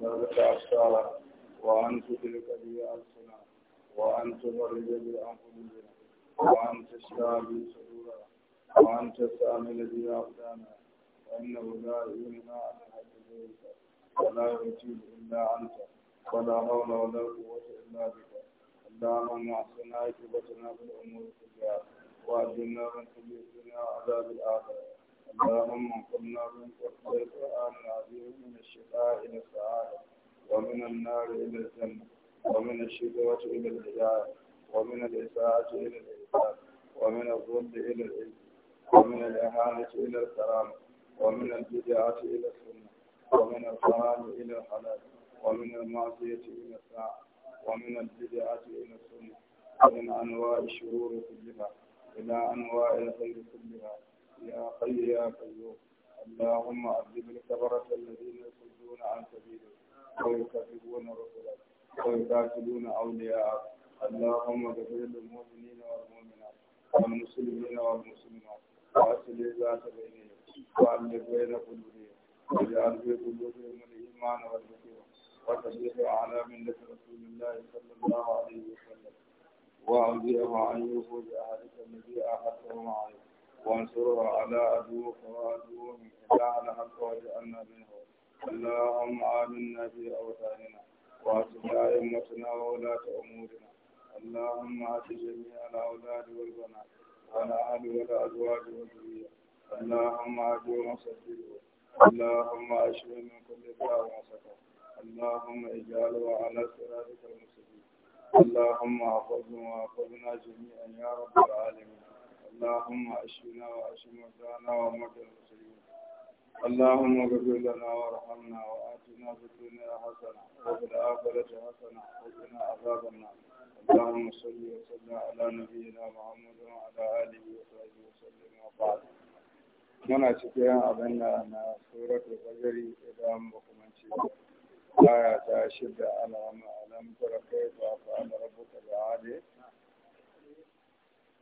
تبرد أبصارها وأن تدرك بي ألسنا وأن تبرد بي أنفسنا وأن تشفى بي صدورنا وأن تستعمل بي أقدامنا فإنه لا يؤمن عن الحج إليك ولا يتيب إلا أنت ولا حول ولا قوة إلا بك اللهم أحسن عاقبتنا في الأمور كلها وأجرنا من كل الدنيا وعذاب الآخرة اللهم كنا من قبل القرآن العظيم من الشفاء إلى السعادة ومن النار إلى الجنة ومن الشقوة إلى الهداية ومن الإساءة إلى الإنسان ومن الظل إلى العز ومن الإهانة إلى الكرامة ومن البدعة إلى السنة ومن الحرام إلى الحلال ومن المعصية إلى الساعة ومن البدعة إلى السنة ومن أنواع الشرور كلها إلى أنواع الخير كلها يا حي يا قيوم اللهم عذب الكفرة الذين يصدون عن سبيلك ويكذبون رسلك ويقاتلون أولياءك اللهم اغفر للمؤمنين والمؤمنات والمسلمين والمسلمات وأصلح ذات بينهم وألف بين قلوبهم واجعل في قلوبهم الإيمان والذكر وتصلح على ملة رسول الله صلى الله عليه وسلم وأوزئه عن يفوز أهلك الذي أخذتهم عليه وانصرها على عدوك وعدوهم إلا الحق واجعلنا منهم اللهم آمنا في أوطاننا وأصلح أئمتنا وولاة أمورنا اللهم آت جميع الأولاد والبنات والأهل والأزواج والذرية اللهم آتهم وصدقهم اللهم أشفه من كل داء وسقم اللهم اجعله على صراطك المستقيم اللهم احفظنا واحفظنا جميعا يا رب العالمين اللهم اشفنا واشف مرضانا ومرضى المسلمين اللهم اغفر لنا وارحمنا واتنا في الدنيا حسنه وفي الاخره حسنه وقنا عذاب النار اللهم صل وسلم على نبينا محمد وعلى اله وصحبه وسلم وبعد muna cikin abin da na suratul fajri idan ba kuma ce aya ta shida alama alam tara kaifa fa'ala rabbuka bi'adi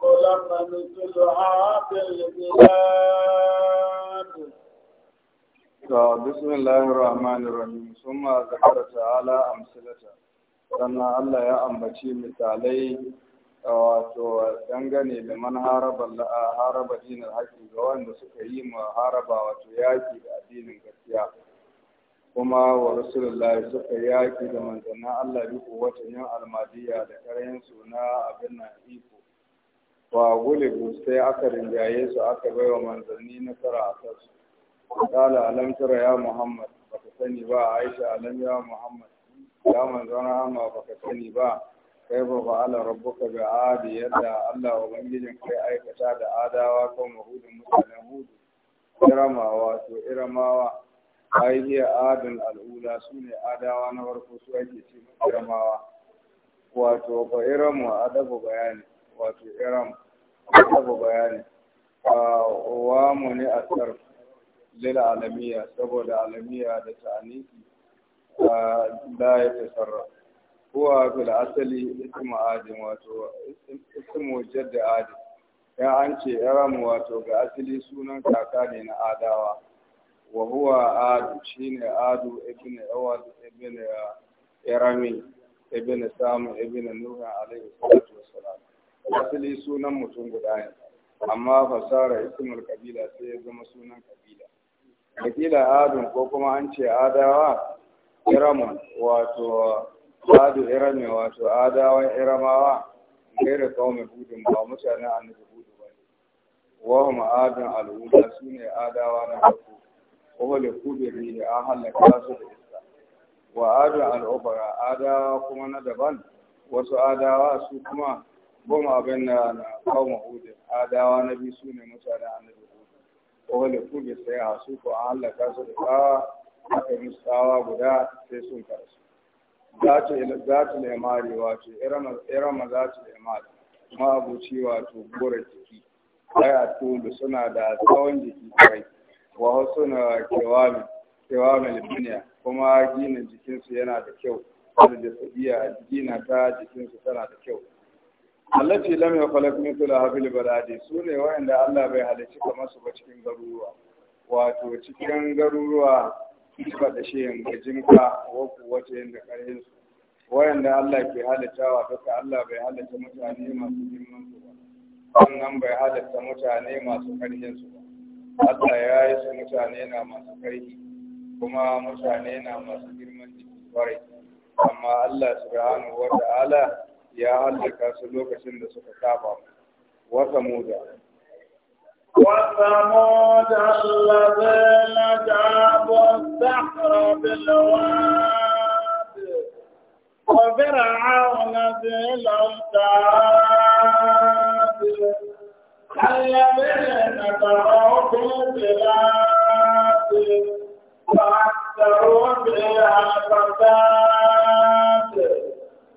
لمثلها بالبلاد بسم الله الرحمن الرحيم ثم ذكر تعالى أمثلته sannan Allah ya ambaci misalai wato dangane da man haraba haraba haƙi ga wanda suka yi ma haraba wato yaƙi da addinin gaskiya kuma wa rasulullah suka yaƙi da manzannin Allah bi watan yan almadiyya da karayen suna abin na iko wa gulibu sai aka rinjaye su aka bai wa manzanni nasara a kasu. kala alam ya muhammad ba ka sani ba aisha alam ya muhammad ya manzon rahama ka sani ba kai ba ba ala rabbuka ga adi yadda allah wa bangijin kai aikata da adawa kan mahudin mutanen hudu iramawa to iramawa ai hiya adin al'ula su ne adawa na farko su ake ce iramawa wato ba iramu adabu bayani wato iram abu bayani wa mu ne a tsar lila alamiya saboda alamiya da ta'aniki da ya tasarra huwa da asali ismu adin wato ismu jadd adin ya an ce iram wato ga asali sunan kaka ne na adawa wa huwa adu shine adu ibn awad ibn eh, irami ibn samu ibn nuh alaihi salatu wassalam asali sunan mutum guda ne amma fasara ismul kabila sai ya zama sunan kabila kabila adun ko kuma an ce adawa iramun wato adu irame wato adawan iramawa gaira kaume budin ba mutane annabi hudu ba ne wahum adun al'umma su ne adawa na farko kuma da kubiri da an halaka su da iska wa adun al'ubara adawa kuma na daban wasu adawa su kuma goma abin na na kawo hudun adawa na biyu su ne mutane annabi ko wanda kuje sai a su ko a halaka su da tsawa aka yi tsawa guda sai sun karsu za ta mari wato irama za ta lemari ma'abuci wato gora jiki ɗaya suna da tsawon jiki kai wa wasu na kewamin kewamin duniya kuma ginin jikinsu yana da kyau da sabiya gina ta jikinsu tana da kyau allati lam yakhlaq mithlaha fil baradi sune wanda Allah bai halicci kamar su ba cikin garuruwa wato cikin garuruwa ba da shi shehin gajinka wa kuwata yanda karhin su wanda Allah ke halittawa ka Allah bai halitta mutane masu girman su ba wannan bai halitta mutane masu karhin su ba Allah ya yi su mutane na masu karhi kuma mutane na masu girman jiki kwarai amma Allah subhanahu wa ta'ala يا hallaka su lokacin da وثمودا saba وثمود الذين جابوا السحر بالواد وفرعون ذي الأوتاد الذين طغوا في البلاد فأكثروا بها الفساد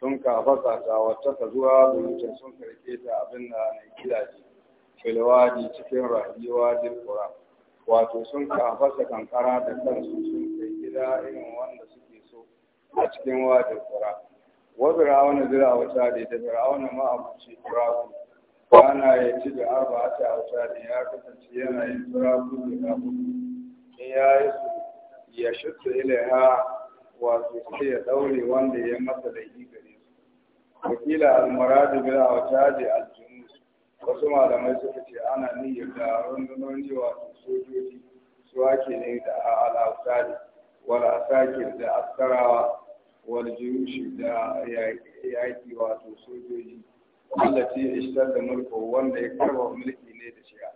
sun ka fasa ta wata ta zuwa buyutun sun karke ta abin da na gidaje filwadi cikin rayuwa kura, wato sun ka fasa kankara da kansu sun kai gida irin wanda suke so a cikin wadin kura wa fir'auna zira wata da da fir'auna ma abuci turaku kwana ya ci da arba ta wata da ya kasance yana yin turaku da kafu in ya yi su ya shutta ilaiha wato sai ya daure wanda ya masa laifi gare su wakila almuradu bil awtadi aljunus wasu malamai suka ce ana niyyar da rundunar wato sojoji su ake ne da al'autari wal asakir da askarawa wal juyushi da yaƙi wato sojoji Wanda allaci ishtar da mulko wanda ya karba mulki ne da shi'a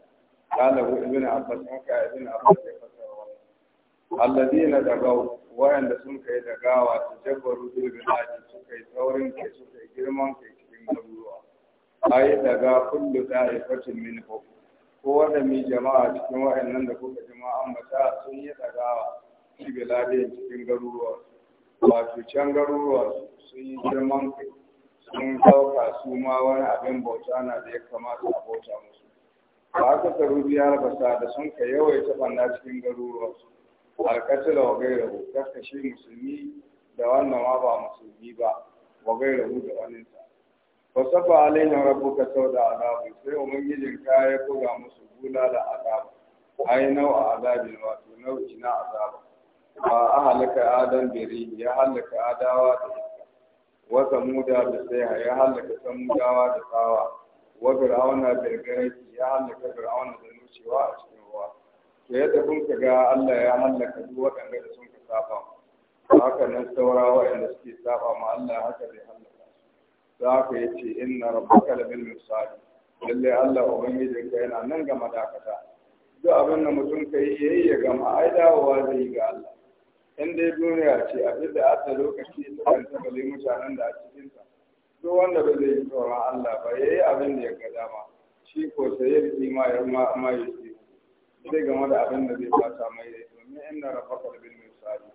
qala ibn abbas haka ibn abbas ya fasara wannan alladina dagaw wayanda sun kai da gawa ta jabbaru haji su kai saurin kai su kai girman kai cikin garuruwa yi daga kullu da'ifatin minifo ko wanda mai jama'a cikin wayannan da kuka jama'an mata sun yi dagawa bilbiladi cikin garuruwa wato can garuruwa sun yi girman kai sun dauka su ma wani abin bauta na da ya kamata a bauta musu ba haka karu biyar basa da sun ka yawaita banda cikin garuruwa da wa gairahu karkashe musulmi da wannan ma ba musulmi ba wagai gairahu da waninsa ba saba alaina rabbuka sau da azabu sai ubangijin ka ya buga musu da azabu ai nau'a azabin wato nau'i na azabu ba a halaka adam biri ya halaka adawa da iska wa samuda da saiha ya halaka samudawa da tsawa wa fir'auna da garaki ya halaka fir'auna da nucewa a cikin da yadda kun ga Allah ya mallaka duk waɗanda da sun ka saba haka nan saura waɗanda suke saba ma Allah haka zai hallaka su za ka yi ce inna rabbaka la bil misali lalle Allah ubangijin ka yana nan ga madakata duk abin da mutum ka yi yayi ya gama ai dawowa zai yi ga Allah in dai duniya ce abin da aka lokaci ta kan yi mutanen da a cikin ta duk wanda ba zai yi tsoron Allah ba yayi abin da ya ga dama shi ko sai ya yi ma ma yi zai game da abin da zai fata mai rai domin inna rafaqal bil misali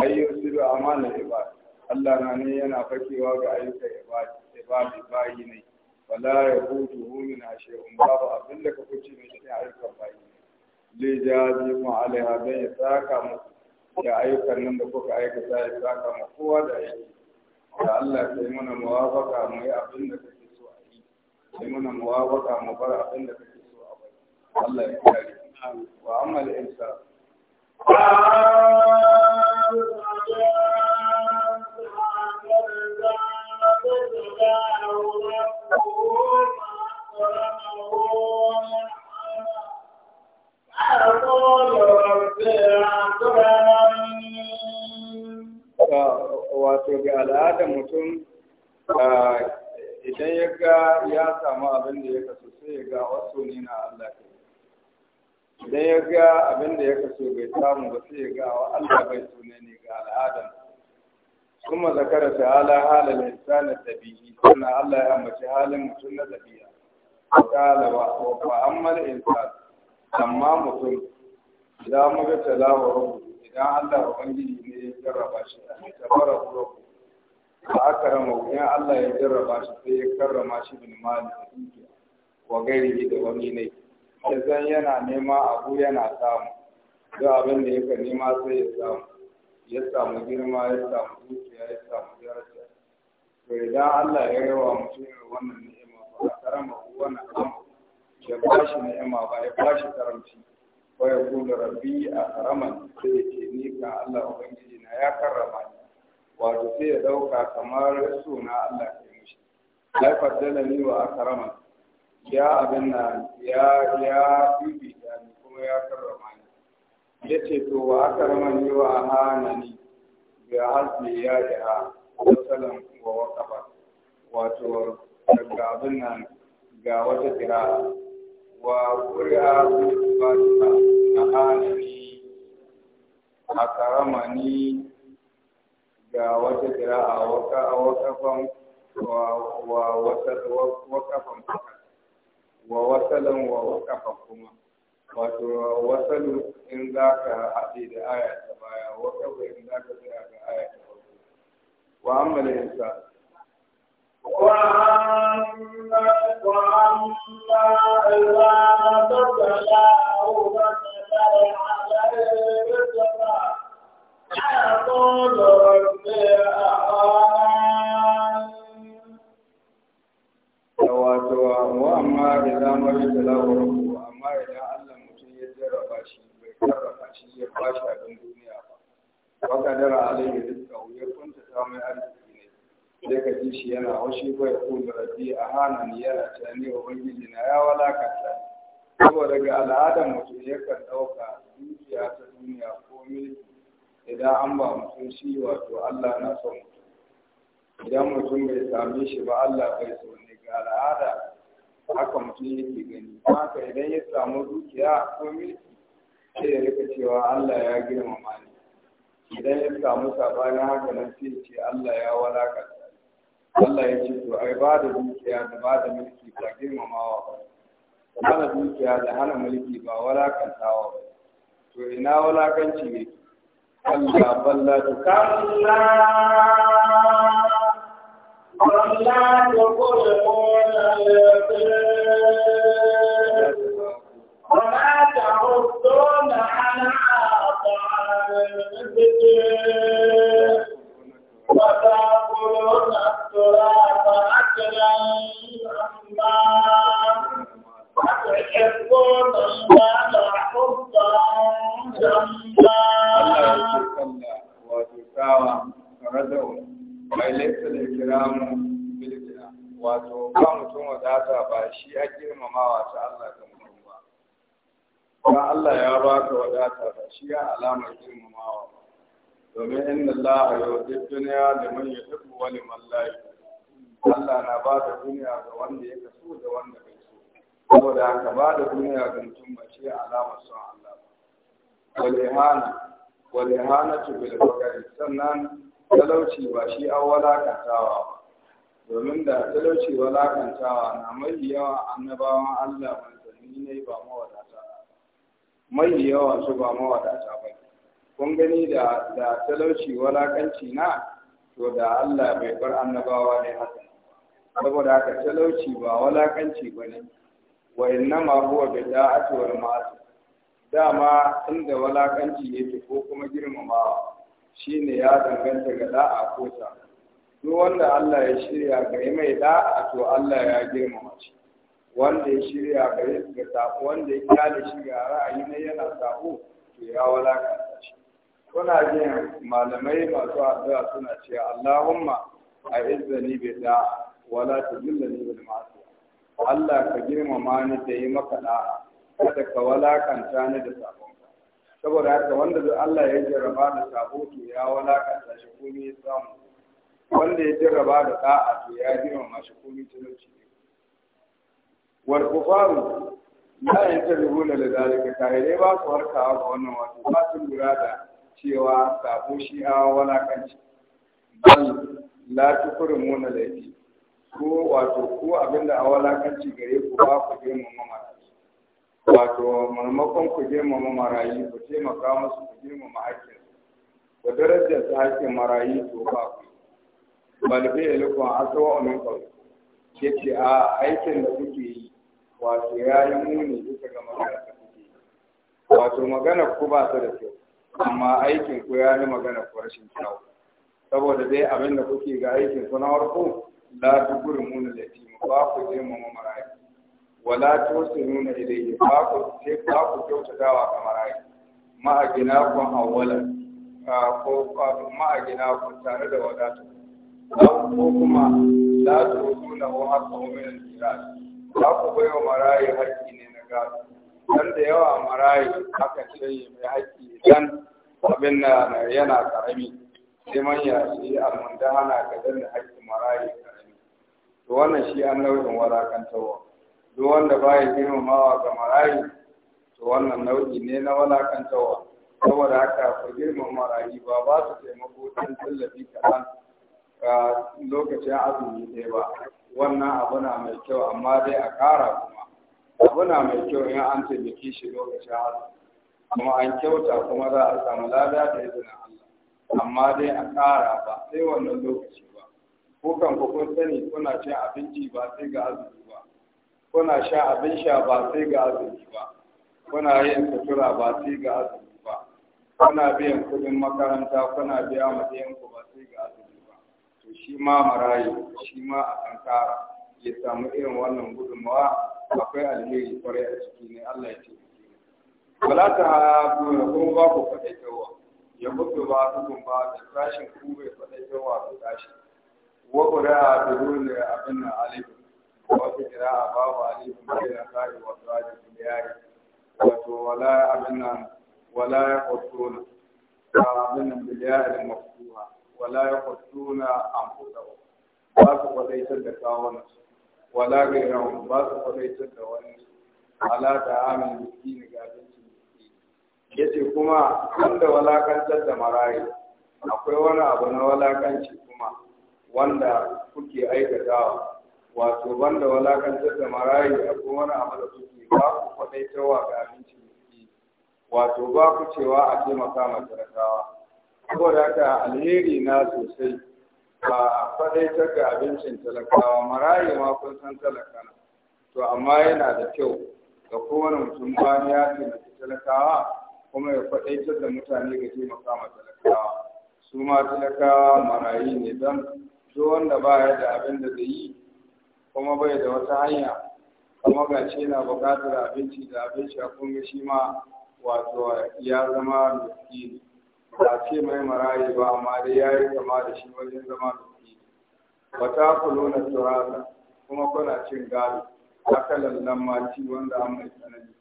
ay yusiru amalan ibad Allah na ne yana fakewa ga ayyukan ibad ibad bayi ne wala yaqutuhu min shay'un babu abin da ka kuce mai cikin ayyukan bayi ne li jazi ma alaiha dan ya saka muku da ayyukan nan da kuka aikata ya saka mu kowa da aiki da Allah sai mana muwafaka mu yi abin da kake so a yi sai mana muwafaka mu bar abin da kake so a bari Allah ya kare wa amma al wato ga al'ada mutum idan ya ga ya samu abin da ya kasu sai ya ga wasu ne na Allah ke dan ya ga abin da ya kaso bai samu ba sai ya ga wa Allah bai so ne ga al'adan kuma zakara ta'ala halal insani tabihi sannan Allah ya ambaci halin mutum na tabiya qala wa wa amma al-insan amma mutum idan mu ga talawa idan Allah ubangiji ne ya jarraba shi tabara ba a akrama idan Allah ya jarraba shi sai ya karrama shi bin mali da dukiya wa gairi da wani ne zan yana nema abu yana samu duk abin da yake nema sai ya samu ya samu girma ya samu zuciya ya samu daraja to idan Allah ya rawa mutum wannan ni'ima ba karama wannan amu ya bashi ni'ima ba ya bashi karamci ko ya kula rabbi a karaman sai ya ce ni ka Allah ubangiji na ya karrama ni wato sai ya dauka kamar suna Allah ke mishi lai faddala ni wa akraman ya abin na ya ya bibita ni kuma ya karrama ni ya ce to wa karrama ni wa hana ni ya hasbi ya ya sallam wa waqafa wato daga abin nan ga wata jira wa qur'a ba ta hana ni a karama ni ga wata jira a waqafan wa wata waqafan wa wasalan wa kafa kuma wato wasalu in za ka haɗe da aya ta baya wa in za ka tsaya ga aya ta wa amma da insa wa wa wato wa amma idan mara talawa rabu amma idan Allah mutum ya jarraba shi bai sarrafa shi ya bashi abin duniya ba wa kadara alaihi rizqa ya kunta ta mai arziki ne sai ka ji shi yana haushi bai da rabbi a hanan yana tani ubangiji na ya walakanta saboda ga al'adar mutum kan ɗauka dukiya ta duniya ko milki idan an ba mutum shi wato Allah na son mutum idan mutum bai same shi ba Allah bai so ne al'ada haka mutum yake gani haka idan ya samu dukiya ko mulki sai ya rika cewa Allah ya girmama ni idan ya samu sabanin haka nan sai ce Allah ya walaka Allah ya ce to ai ba da dukiya da ba da mulki ba girmamawa ba hana dukiya da hana mulki ba walakantawa ba to ina walakanci ne Allah balla to kallaa ولا تظلمون اليتيم ولا تعدون على طعام المسكين وتأكلون التراب أكلا لما وتحبون المال حبا جما وتساوى ردعوا mai laifin da kiramu bilbila wato ba mutum wadata ba shi a girmamawa ta Allah ga mutum ba ba Allah ya ba ka wadata ba shi ya alamar girmamawa ba domin inda Allah ya yi duniya da man ya tafi wani mallaye Allah na ba da duniya ga wanda ya kasu da wanda bai so saboda haka ba da duniya ga mutum ba shi ya alamar son Allah ba walihana walihana tu bil sannan talauci ba shi an walakantawa domin da talauci walakantawa na mai yawa annabawan Allah manzanni ne ba mawadata mai yawa su ba mawadata ba kun gani da da talauci walakanci na to da Allah bai bar annabawa ne haka saboda haka talauci ba walakanci ba ne wa innama huwa bida'atu wal ma'asi dama inda walakanci yake ko kuma girmamawa ne ya danganta ga da'a ko ta duk wanda Allah ya shirya ga yi mai da'a to Allah ya girmama shi wanda ya shirya ga yi ga sako wanda ya kyale shi ga ra'ayi na yana sako to ya walakanta shi kuna jin malamai masu addu'a suna cewa Allahumma a izzani bi da'a wala tudillani bil ma'asi Allah ka girmama ni da yi maka da'a kada ka kanta ni da sako saboda haka wanda da Allah ya jarraba da sabo to ya walakanta shi komai ya samu wanda ya jarraba da da'a to ya girmama shi komai talauci ne war kufaru la yantarihuna da ta yi ba su warkawa ga wannan wato ba su lura da cewa sabo shi ya walakanci dan la tukurimuna laifi ko wato ko abinda a walakanci gare ku ba ku mu masu wato maimakon ku ma marayu ku taimaka musu ku girmama hakkin ku darajar ta hakkin marayu to ba ku balbe ilikon a nan kawai ce a aikin da kuke yi wato ya yi muni duka ga magana da kuke yi wato magana ku ba ta da kyau amma aikin ku ya yi magana ku rashin kyau saboda dai abin da kuke ga aikin ku na farko la da latim ba ku girmama marayu wala tusiruna ilayhi ba ku sai ba ku kyautatawa ga marayi ma'agina kun awwala ko ma'agina kun tare da wadatu ko kuma la tusiruna wa haqqu min al-jiran ba ku bai wa marayi haƙƙi ne na gado dan da yawa marayi aka ce mai haƙƙi dan abin na yana karami sai man ya shi almundahana ga dan haƙƙin marayi karami to wannan shi an nau'in walakantawa duk wanda baya girmamawa ga marayu to wannan nau'i ne na walakantawa saboda haka ku girmama marayu ba ba su taimako don tallafi kaɗan ga lokacin azumi ɗaya ba wannan abu na mai kyau amma dai a ƙara kuma abu na mai kyau in an taimaki shi lokacin azumi kuma an kyauta kuma za a samu lada da izinin Allah amma dai a ƙara ba sai wannan lokaci ba ko kan ku kun sani kuna cin abinci ba sai ga azumi kuna sha abin sha ba sai ga azumi ba kuna yin sutura ba sai ga azumi ba kuna biyan kudin makaranta kuna biya matsayanku ba sai ga azumi ba to shi ma marayu shi ma a kankara ya samu irin wannan gudunmawa akwai alheri kwarai a ciki ne Allah ya ce wala ta habu ya kuma ba ku faɗai kyawa ya mutu ba su kun ba da tashin ku bai faɗai kyawa da tashin wa ƙura da dole abin na alaikum wasu kira a babu alifin bai na sa'i wasu alifin da yari wato wala abin nan wala ya kwatuna ta abin nan da yari mafuha wala ya kwatuna an fusa ba su kwadaitar da kawonansu wala gairahu ba su kwadaitar da wani ala ta amin miskini ga abincin miskini ya ce kuma wanda walakantar da marayi akwai wani abu na walakanci kuma wanda kuke aikatawa wato banda walakantar da marayi a wani abu da kuke ba ku kwaɗai tawa ga abinci miski wato ba ku cewa a taimaka ma talakawa saboda haka alheri na sosai ba a kwaɗaitar ga abincin talakawa marayi ma kun san talaka to amma yana da kyau ga kowane mutum bayan ya taimaki talakawa kuma ya kwaɗaitar da mutane ga taimaka ma talakawa su ma talakawa marayu ne don duk wanda ba ya da abin da zai yi kuma bai da wata hanya kuma ga ce na buƙatar abinci da abinci a kunga shi ma wato ya zama miskini ba ce mai marayi ba amma dai ya yi kama da shi wajen zama ba wata kulo na turata kuma kuna cin gado haka nan mati wanda an mai tsanani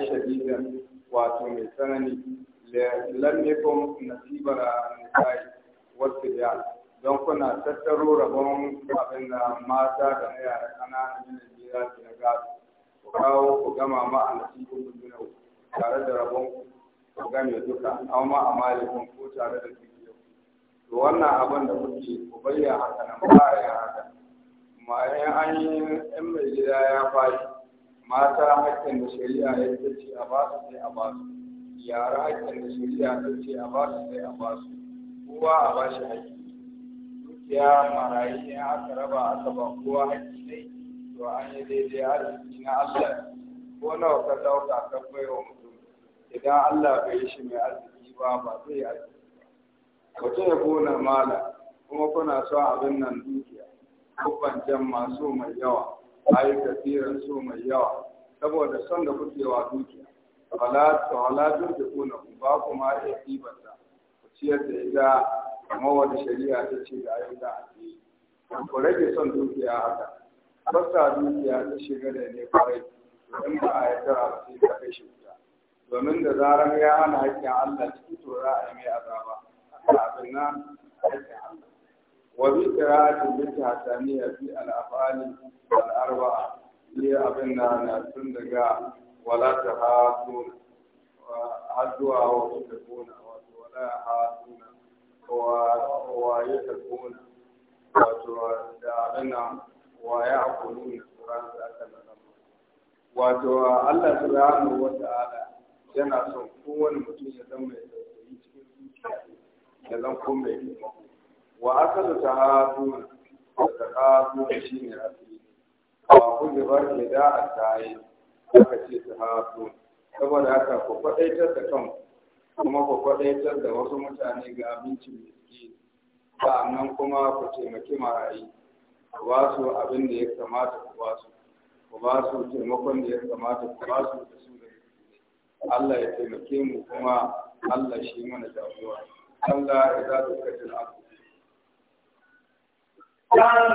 yi shadidan wato mai tsanani lam yakum a nisai wasu da don kuna tattaro rabon abin da mata da na yara ƙananan yana Najeriya ke na gado ku kawo ku gama ma a nasibin dubinau tare da rabon ku game duka an ma a malikun ko tare da dubiya to wannan abin da kuke ku bayyana haka nan ba ya haka ma an yi in mai gida ya fashi mata hakkin da shari'a ya ce a ba su sai a ba su yara hakkin da shari'a ya ce a ba su sai a ba su kowa a ba shi hakki dukiya marayu ne aka raba aka ba kowa haƙƙi ne to an yi daidai arziki na Allah ko nawa ka dauka ka bai wa mutum idan Allah bai yi shi mai arziki ba ba zai yi arziki ba wata ya gona mala kuma kuna so abin nan dukiya kubbancan so mai yawa ayi kafiran so mai yawa saboda son da kuke wa dukiya wala to wala duk da kuna ba kuma ya ɗibanta ku ciyar da ita kamar wani shari'a ta ce da ayyuka a ce ku rage son dukiya haka basta dukiya ta shiga da ne kwarai in ba a yarda a sai ka kai shi wuta domin da zarar ya hana haƙƙin Allah ciki to za a yi mai azaba abin nan haƙƙin Allah wa bi qira'atin bi hasaniya fi al-afali wal arba'a li abin da na tun daga wala ta hasu har zuwa wa ta kuna wala hasu wa ya tarkuna wato da abinna wa a kunu ne tsoron da aka nan wato Allah subhanahu wa ala? yana son kowane mutum ya zama mai tausayi cikin zuciya ya zan ko mai taimako wa asalu ta hadu da hadu shi ne asali wa kulli ke da a tayi aka ce ta hadu saboda haka ku faɗaitar da kanku kuma ku kwadaitar da wasu mutane ga abincin miski sa'annan kuma ku taimaki marayi ku ba su abin da ya kamata ku ba su ku ba su taimakon da ya kamata ku ba su da su da Allah ya taimake mu kuma Allah shi mana jagora Allah ya za su kaji Allah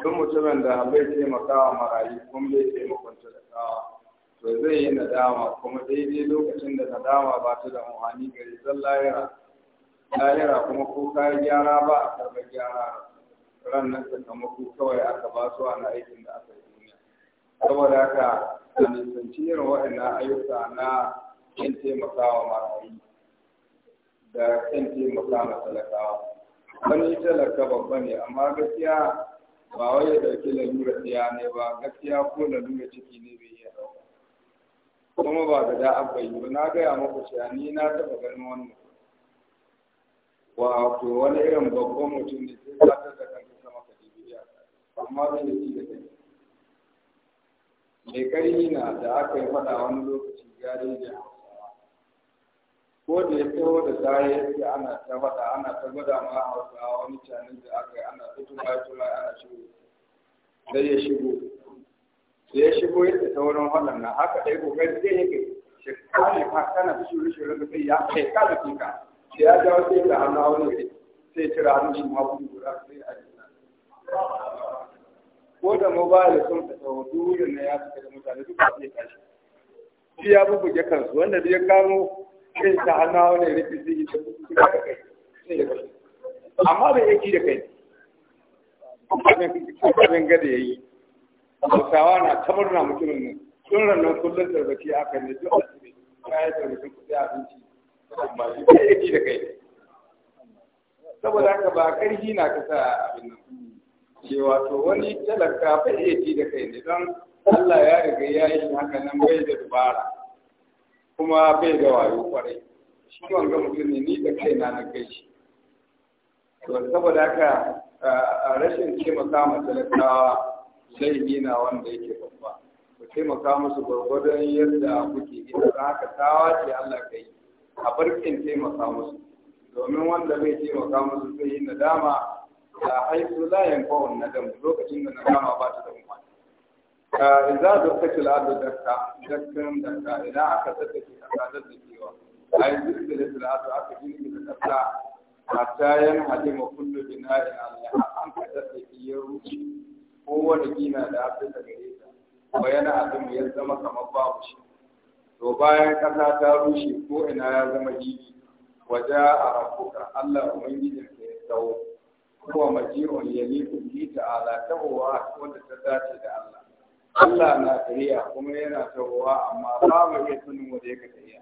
duk mutumin da bai taimakawa marayu kuma bai taimakon talakawa to zai yi nadama kuma daidai lokacin da nadama ba ta da muhani gari zan lahira lahira kuma ko kayan gyara ba a karɓar gyara ran nan sakamako kawai aka ba su ana aikin da aka yi duniya saboda haka a nisanci irin waɗannan ayyuka na kin taimakawa marayu da kin taimaka talakawa wani talaka babba ne amma gaskiya ba wai ya ɗauki lalura ɗaya ne ba gaskiya ko lalura ciki ne bai iya dauka kuma ba da da yi ba na gaya muku cewa ni na taɓa ganin wannan wato wani irin babban mutum ne sai ka ta kan ka sama ka dibiya amma bai da ci da kai mai karni na da aka yi faɗa wani lokaci gari da ko da ya taho da zai yake ana ta faɗa ana ta gwada ma wasu wani canin da aka yi ana ta tuma tuma ana shigo sai ya shigo sai ya shigo yadda ta wurin nan. haka ɗaya kokari zai yake shekali ka kana shiru shiru da kai ya kai kala kinka sai ya jawo sai da hannu wani sai cire hannun shi ma kuma guda sai a jina ko da mobile sun fita hoto wurin na ya fita da mutane duk ba zai tashi shi ya bubbuge kansu wanda da ya kamo zai ta hannu wani rufi zai yi da kusa da kai sai da kai amma bai yaki da kai abin gada ya yi hausawa na ta murna mutumin nan sun rannan kullum tarbaci aka ne duk asibi kayan tarbacin kuɗi abinci amma shi bai yaki da kai saboda haka ba ƙarfi na kasa abin nan cewa to wani talaka bai yaki da kai ne don Allah ya riga ya yi haka nan bai da dubara kuma bai da wayo kwarai shi wanga mutum ne ni da kaina na kai shi to saboda haka rashin taimaka ma talakawa zai na wanda yake babba ku taimaka musu gwargwadon yadda kuke gida za haka tawa ce Allah ka yi a barkin taimaka musu domin wanda bai taimaka musu zai yi nadama da haifu layan kawon nadam lokacin da nadama ba ta da umarni. Eh, za da ka ci la'adu dakka dakkan dakka idan aka tsada ke a kadar da cewa a yi zuwa da la'adu aka yi ne da tsada a tayan halima kullu bina'i alaiha an kada da iya ruci kowane gina da aka daga gare ta ba yana abin ya zama kamar babu shi to bayan kasa ta rushe ko ina ya zama gidi waje a rafuka Allah ubangiji ka ya tsawo kuma maji'un yali ta'ala ta'uwa wanda ta dace da Allah Allah na tariya kuma yana tawowa amma ba mu iya sanin wanda yake tariya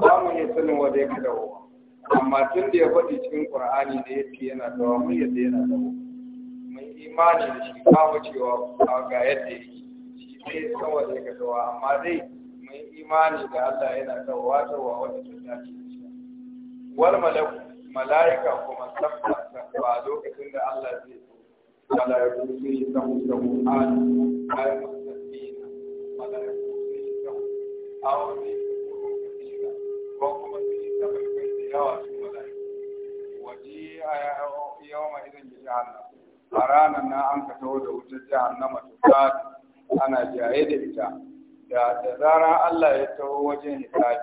ba mu iya sanin wanda yake tawowa amma tun da ya faɗi cikin Qur'ani da yake yana tawowa mu yadda yana tawowa mun imani da shi ba mu cewa ga yadda yake shi sai san da yake tawowa amma dai mun imani da Allah yana tawowa tawowa wanda ta dace da shi wal malaku malaika kuma sabba ba lokacin da Allah zai so Allah ya kuma yi sahu sahu a المسلمين ولا يكون أو كثيرة وكما في سبع بيت يوى في ملائكة وجيء ya بجهنم أرانا أن أنك تود وتجهنم تكاد أنا جاهد بتاع da zarar Allah ya taho wajen hisabi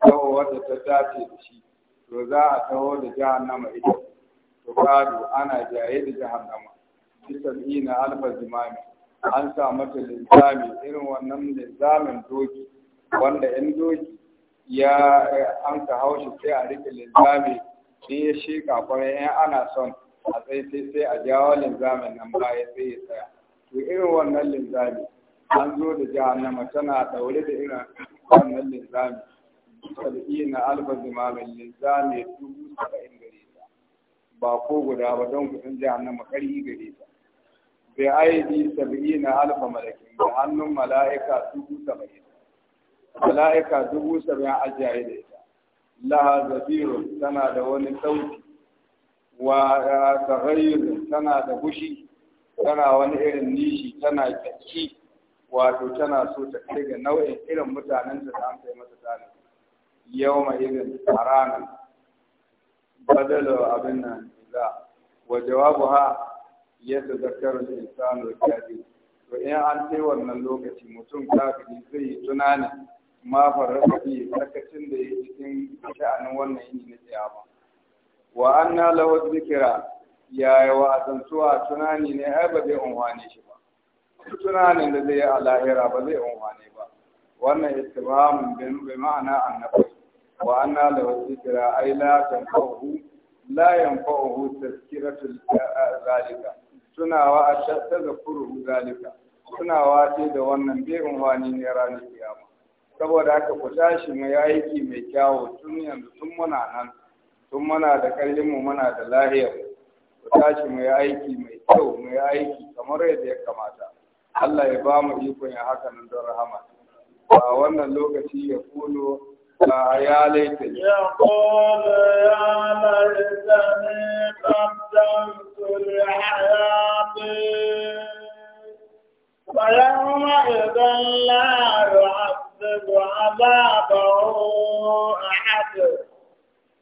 taho wadda ta dace da shi to za a taho da jahannama ita to ana jaye da jahannama bisa ina alfa zimami an sa mata linzami irin wannan linzamin doki wanda yan doki ya an ka haushi sai a rike linzami in ya shika kwarai in ana son a tsaye sai sai a jawo linzamin nan baya sai ya tsaya to irin wannan linzami an zo da jahannama tana daure da irin wannan linzami sab'ina alfa zimamin linzami dubu saba'in gare ta ba ko guda ba don kuɗin jahannama karhi gare ta bi aidi sab'ina alfa malakin da hannun mala'ika dubu saba'in mala'ika dubu saba'in ajiyaye da ita laha zabiru tana da wani sauti wa tagayyur tana da bushi tana wani irin nishi tana kyakki wato tana so ta kai ga nau'in irin mutanen da an kai masa tani yau ma irin a badalo abin nan za wa jawabu ha yadda zakarar insanu ji to in an ce wannan lokaci mutum kafiri zai yi tunani ma farraka sakacin da ya cikin sha'anin wannan yini na kiyama wa anna lahu dhikra ya wa azantuwa tunani ne ai ba zai unwane shi ba tunanin da zai yi a lahira ba zai unwane ba wannan istibhamun bi ma'ana annabi wa anna lahu dhikra ai la tanfa'uhu la yanfa'uhu tazkiratu zalika tunawa a shatta da kuru zalika tunawa ce da wannan berin wani ne ranar kiyama saboda haka ku tashi mu aiki mai kyawu tun yanzu tun muna nan tun muna da kallin muna da lahiyar ku tashi mu aiki mai kyau mu aiki kamar yadda ya kamata Allah ya ba mu ikon ya haka nan don rahama a wannan lokaci ya kulo يا ليتني يقول يا ليتني قدمت لحياتي ويومئذ لا يعذب عذابه أحد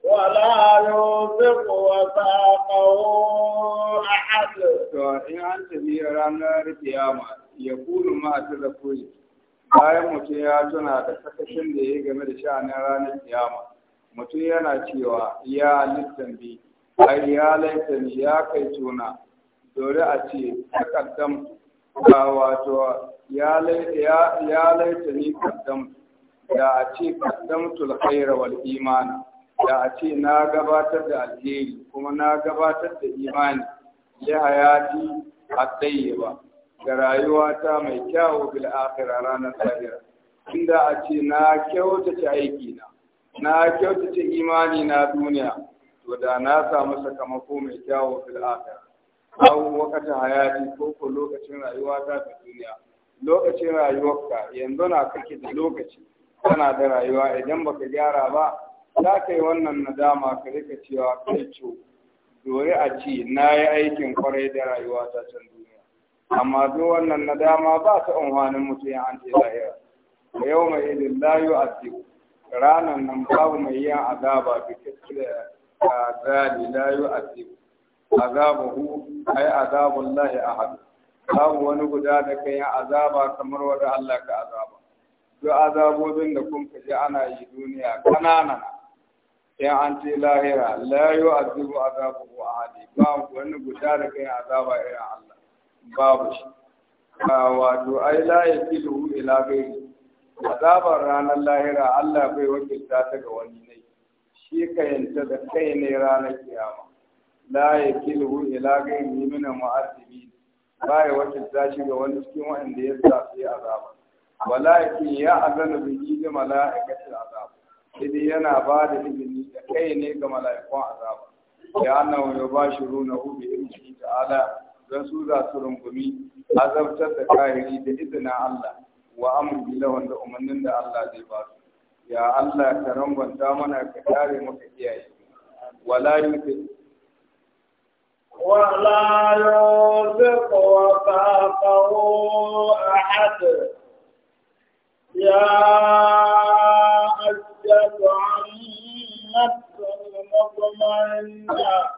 ولا يوثق وثاقه أحد. يقول ما تذكرين. bayan mutum ya tuna da sakashin da ya yi game da sha'anin ranar kiyama mutum yana cewa ya littan bi ai ya laifin ya kai tuna dore a ce takaddam ba wato ya laifin ni kaddam da a ce kaddam tulkaira wal imani da a ce na gabatar da alheri kuma na gabatar da imani ya hayati a ba Da rayuwata mai kyawo bil ranar lahira inda a ce na kyautace aiki na Na kyautace imani na duniya to da na samu sakamako mai kyawu fil akhirah aw wakata hayati ko ko lokacin rayuwata ta duniya lokacin rayuwarka yanzu na kake da lokaci kana da rayuwa idan baka gyara ba za ka yi wannan nadama ka rika cewa kai ciwo dore a ce na yi aikin kwarai da rayuwa ta amma duk wannan nadama ba ta amfanin mutum ya an ce lahira yau mai idin layu a ce ranar nan babu mai yin azaba bi cire a zari layu a azabu hu, ai azabun lahi ahad babu wani guda da kan yi azaba kamar wadda Allah ka azaba duk azabobin da kun kaji ana yi duniya ƙanana in an ce lahira azabu hu a hadu ba wani guda da kan kai azaba irin Allah babu shi wato ai la yakilu ila gairi azabar ranar lahira Allah bai wakilta ta ga wani ne shi ka yanta da kai ne ranar kiyama la yakilu ila gairi min mu'azzibi ba ya wakilta shi ga wani cikin wanda ya zafi sai azaba walakin ya azana bihi ga mala'ikatul azab idan yana ba da izini da kai ne ga mala'ikun azaba ya annahu yubashiruna bi ilmihi ta'ala don su za su rungumi azabtar da kahiri da izinin Allah wa amurbi lawan da umarnin da Allah zai ba su ya Allah ka rangwanta mana ka kare maka iyaye wala yi. wala yuti wa a ahad ya ajjadu an nafsin mutmainna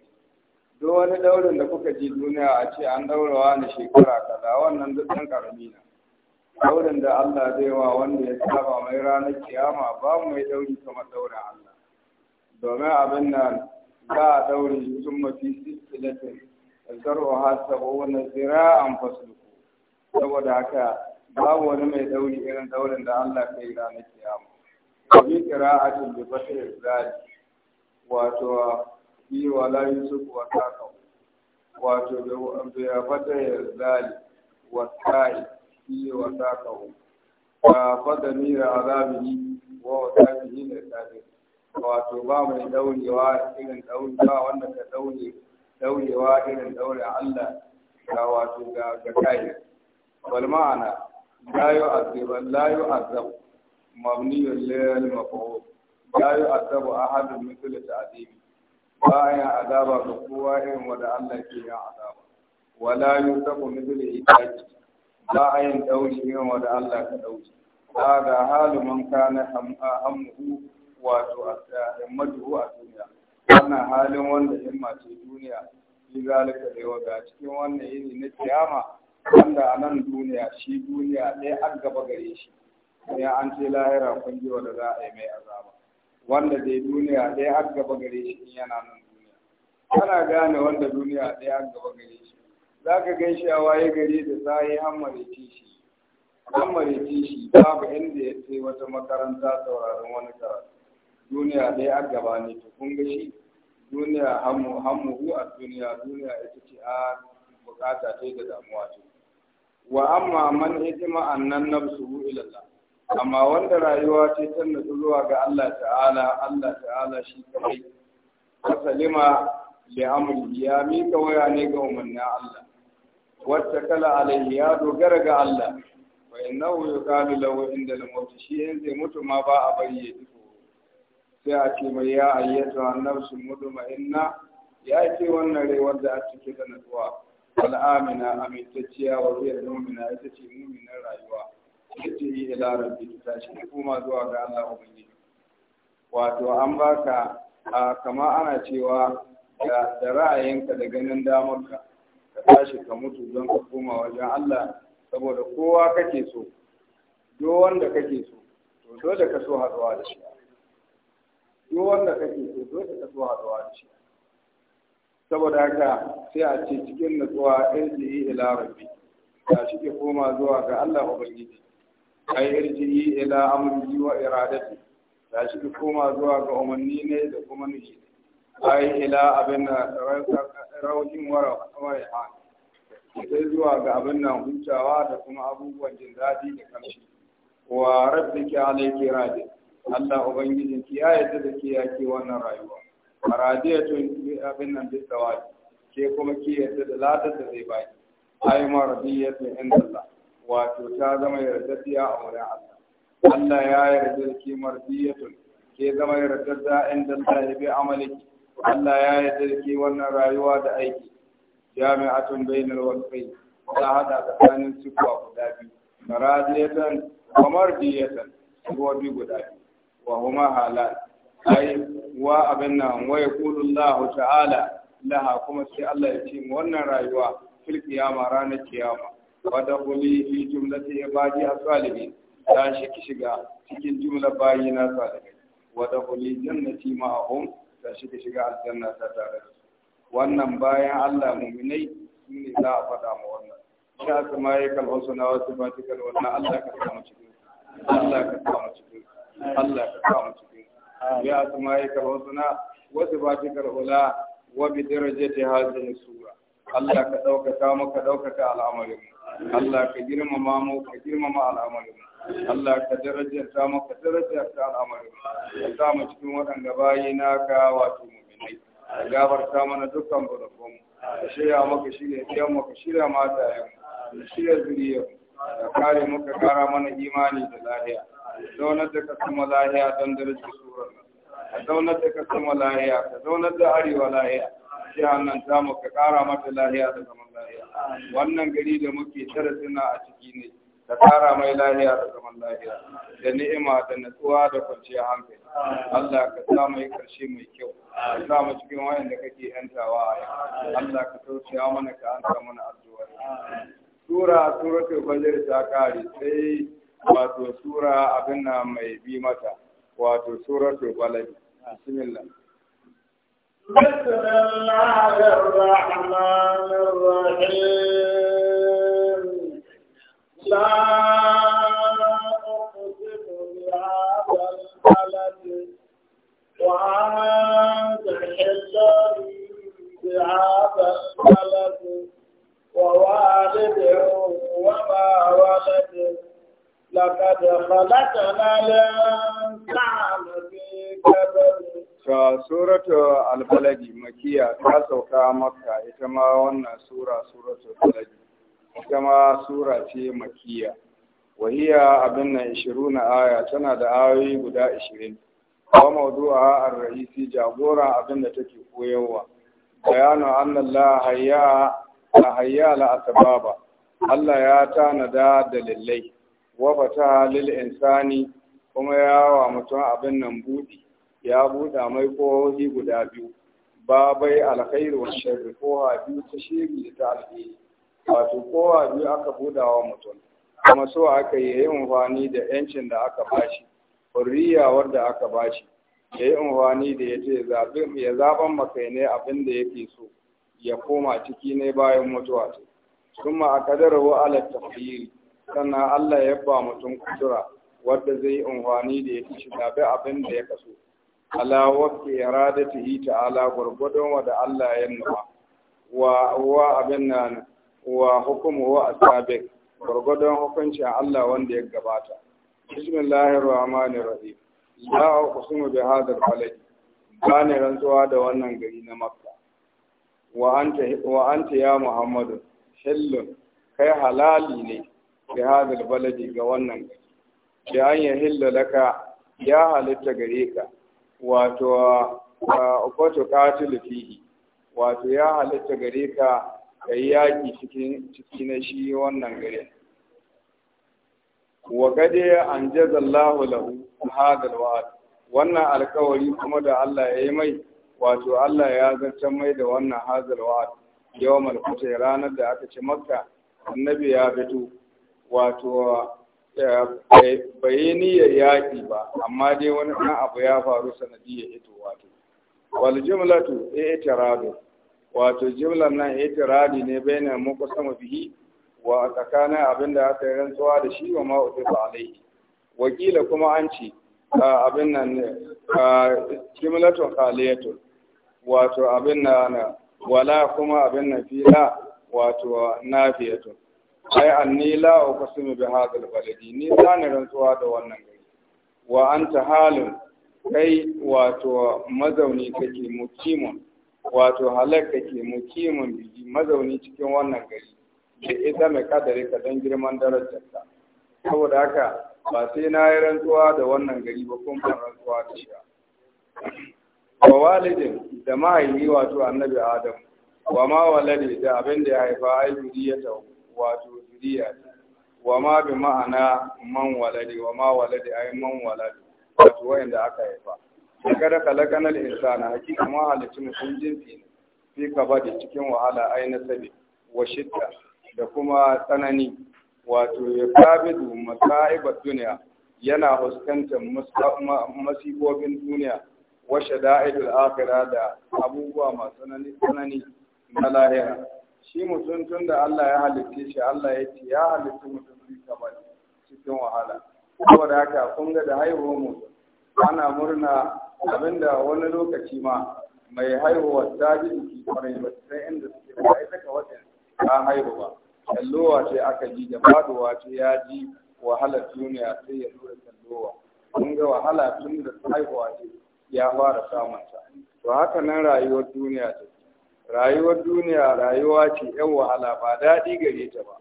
duk wani daurin da kuka ji duniya a ce an daurawa na shekara kaza wannan duk ɗan ƙarami na daurin da Allah zai wa wanda ya saba mai ranar kiyama babu mai dauri kamar daurin Allah domin abin nan za a daure sun mafi sistilatin zarwa har wani zira an fasulku saboda haka babu wani mai dauri irin daurin da Allah kai yi ranar kiyama. kira a cikin zali wato fi wala yusuf wa taka wato da fata ya zali wa ta'i fi wa taka wa fata mira azabihi wa wasabihi da tabi wato ba mai daurewa irin daure ba wanda ka daure daurewa irin daure Allah ga wato ga ga kai wal ma'ana la yu'azzab la yu'azzab mabniyun lil maf'ul la yu'azzab ahadun mithlu ta'dibi Ba baya azaba ga kowa irin wanda Allah ke yin azaba wala yusabu mithli itaki ba a yin dauri irin wanda Allah ka dauri ga halu man kana hamu wato himmatuhu a duniya wannan halin wanda himma ce duniya shi zalika dai yawa ga cikin wannan yini na kiyama wanda a nan duniya shi duniya ɗaya an gaba gare shi sai an ce lahira kun da za a yi mai azaba wanda dai duniya ɗaya har gaba gare shi in yana nan duniya ana gane wanda duniya ɗaya har gaba gare shi za ka gan shi a waye gari da sayi an marece shi an marece shi babu inda ya ce wata makaranta sauraron wani karatu duniya ɗaya har gaba ne to kun ga shi duniya hammu, hammu, hu a duniya duniya ita ce a bukata ce da damuwa ce wa amma man hikima annan nafsuhu ila Allah amma wanda rayuwa ce ta nutsu zuwa ga Allah ta'ala Allah ta'ala shi kai Salima da amri ya mika waya ne ga umarnin Allah wacce kala alaihi ya dogara ga Allah wa innahu yuqalu lahu inda al-maut shi yanzu zai mutu ma ba a bari sai a ce mai ya ayyatu annabsu inna ya ce wannan rai wanda a cike da nutsuwa wal amina amintacciya wa zai mu'mina ita ce mu'minan rayuwa yadda ila rabbi ta shi kuma zuwa ga Allah ubangiji wato an baka a kama ana cewa da ra'ayinka da ganin damarka ka tashi ka mutu don ka koma wajen Allah saboda kowa kake so duk wanda kake so to dole ka so haɗuwa da shi duk wanda kake so dole ka so haɗuwa da shi saboda haka sai a ce cikin nutsuwa irji ila rabbi ka shi ke koma zuwa ga Allah ubangiji ai irji ila amri wa iradati da shi koma zuwa ga umarni ne da kuma nufi ai ila abin da rauhin wara ha sai zuwa ga abin nan hutawa da kuma abubuwan jin daɗi da kamshi wa rabbika alayki radi Allah ubangijin ki ya yadda da ke yake wannan rayuwa radiyatun abin nan bisa tsawabi ke kuma ki yadda da ladar da zai baki ai da inda Allah wato ta zama yardaddiya a wurin Allah Allah ya yarda ki mardiyatun ke zama yardadda inda Allah bi amaliki Allah ya yarda ki wannan rayuwa da aiki jami'atun bainal wasfai ta hada tsanin sifa guda biyu maradiyatan kamar diyatan ko bi guda biyu wa huma halal ai wa abin nan wa yaqulu Allah ta'ala laha kuma sai Allah ya ce wannan rayuwa fil kiyama ranar kiyama wadda kuli fi jumlati ibadi as-salihin da shi ki shiga cikin jumlar bayi na salihai wadda kuli jannati ma'ahum da shi ki shiga aljanna ta tare da su wannan bayan Allah mu'minai su ne za a faɗa ma wannan sha asma'i kal husna wa sifatikal wannan Allah ka samu cikin Allah ka samu cikin Allah ka samu cikin ya asma'i kal husna wa sifatikal ula wa bi darajati hadhihi sura Allah ka ɗaukaka mu ka ɗaukaka al'amarin Allah ka girmama mu ka girmama al'amarin Allah ka darajarta mu ka darajarta al'amarin ka sa mu cikin waɗanda bayi naka wato mu'minai ka gabarta mana dukkan barafun ka shirya maka shirya ɗiyan mu ka shirya matayen mu ka shirya zuriyar ka kare mu ka kara mana imani da lahiya Ka zaunar da ka sama lahiya don darajar surar ka zaunar da ka sama lahiya ka zaunar da arewa lahiya jihar nan ta mu ka ƙara mata lahiya da zaman lahiya wannan gari da muke tara suna a ciki ne ka kara mai lahiya da zaman lahiya da ni'ima da natsuwa da kwanciyar hankali Allah ka sa mai karshe mai kyau ka sa mu cikin wayanda kake yantawa Allah ka tausaya mana ka anta mana addu'a sura suratul fajr ta kare sai wato sura abin nan mai bi mata wato suratul balad bismillah بسم الله الرحمن الرحيم لا أقسم بهذا البلد وأنت حل بهذا البلد ووالده وما ولده لقد خلقنا الإنسان في كبد Ta suratu al-baladi makiya ta sauka makka ita ma wannan sura suratu al-baladi ita ma sura ce makiya wahiya abin nan na aya tana da ayoyi guda 20 wa mawdu'a ar-raisi jagora abin da take koyarwa bayanu anna Allah hayya hayya la asbaba Allah ya tanada dalilai wa fata lil insani kuma ya wa mutum abin nan budi ya buɗa mai kohohi guda biyu babai alkhairu wa sharri ha biyu ta shiri da ta alheri wato kowa biyu aka buɗa wa mutum kuma so aka yi yayi amfani da yancin da aka bashi hurriya wanda aka bashi yayi amfani da yace zaɓi ya zaban makai ne abin da yake so ya koma ciki ne bayan mutuwa ce kuma a kadarahu ala tafsiri sannan Allah ya ba mutum kudura wanda zai yi amfani da yake shi abin da ya kaso ala wafi iradatihi ta'ala gwargwadon wa da Allah ya nufa wa wa abin nan wa hukumu wa asabiq gurgudun hukuncin Allah wanda ya gabata bismillahir rahmanir rahim la uqsimu bi hadha al-balad bani rantsuwa da wannan gari na makka wa anta wa anta ya muhammadu hillun kai halali ne bi hadha al ga wannan gari Ya an yahilla laka ya halitta gare ka wato wato katil fihi wato ya halitta gare ka kai yaki cikin na shi wannan gare wa gade an jazallahu lahu hadal alwa'd wannan alkawari kuma da Allah ya yi mai wato Allah ya zartar mai da wannan hadal alwa'd yawmal ranar da aka ci makka annabi ya fito wato bai yi niyyar yaƙi ba amma dai wani ɗan abu ya faru sanadiyar ito wato wal jumlatu i'tiradu wato jumlar nan i'tiradi ne bainal sama bihi wa tsakanin abinda aka yi rantsuwa da shi wa ma ba alai wakila kuma an ce abin nan ne jumlatun khaliyatun wato abin nan wala kuma abin nan fila wato nafiyatun ay annila la uqsimu bi hadhal baladi ni zani rantsuwa da wannan gari wa anta halin kai wato mazauni kake mukimun wato halak kake mukimun biji mazauni cikin wannan gari da ita mai kadare ka dan girman darajarta saboda haka ba sai na yi rantsuwa da wannan gari ba kuma ban rantsuwa da shi wa walidin da mahaifi wato annabi adam wa ma walade da abin da ya haifa ai ya tawo wato zuriya wa ma bi ma'ana man walade wa ma walade ai man walade wato wanda aka haifa kada kalakan al-insana hakika ma halitta mutum jinsi ne fi kaba da cikin wahala ai na sabi wa shidda da kuma tsanani wato ya kabidu masaibat duniya yana huskantar masibobin duniya wa shada'idul akhirah da abubuwa masu tsanani na lahira shi mutum tun da Allah ya halitte shi Allah ya ce ya halitta mutum zai kamar cikin wahala saboda haka kun ga da haihuwar mu ana murna abinda wani lokaci ma mai haihuwa ta ji jiki kwarai ba inda suke ba ai saka wajen ta haihu ba kallowa ce aka ji da faduwa ce ya ji wahalar duniya sai ya lura kallowa kun ga wahala tun da haihuwa ce ya fara samun to haka nan rayuwar duniya ce rayuwar duniya rayuwa ce yan wahala ba daɗi gare ta ba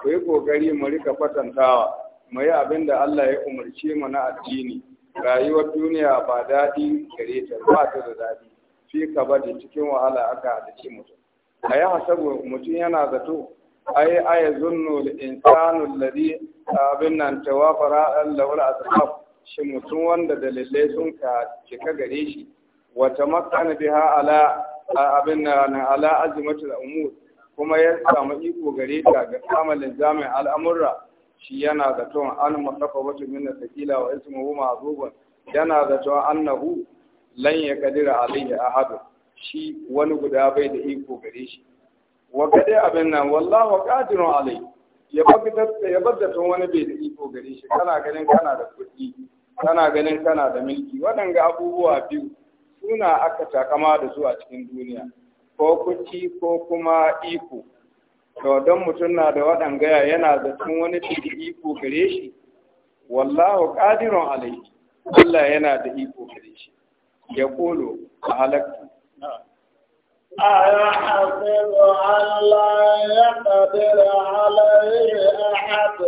ku yi ƙoƙari mu rika kwatantawa mu yi abin da Allah ya umarce mu na addini rayuwar duniya ba daɗi gare ta ba ta da daɗi fi ka da cikin wahala aka halicci mutum a yi hasabu mutum yana zato ai aya zunnu insanu lari abin nan tawafara a asbab shi mutum wanda dalilai sun ka cika gare shi wata makana biha ala abin nan ala azimatul umur kuma ya samu iko gare ta ga kamalin linzamin al'amurra shi yana da tawon an masafa wata minna sakila wa ismuhu ma'zubun yana da tawon annahu lan ya kadira alayhi ahad shi wani guda bai da iko gare shi wa kadai abin nan wallahu qadirun alayhi ya babbata ya babbata wani bai da iko gare shi kana ganin kana da kuɗi kana ganin kana da milki waɗanga abubuwa biyu suna aka takama da su a cikin duniya ko kuci ko kuma iko to don mutum na da waɗan gaya yana tun wani cikin iko gare shi wallahu qadirun alayhi Allah yana da iko gare shi ya kolo a halakta أيحسب أن لا يقدر عليه أحد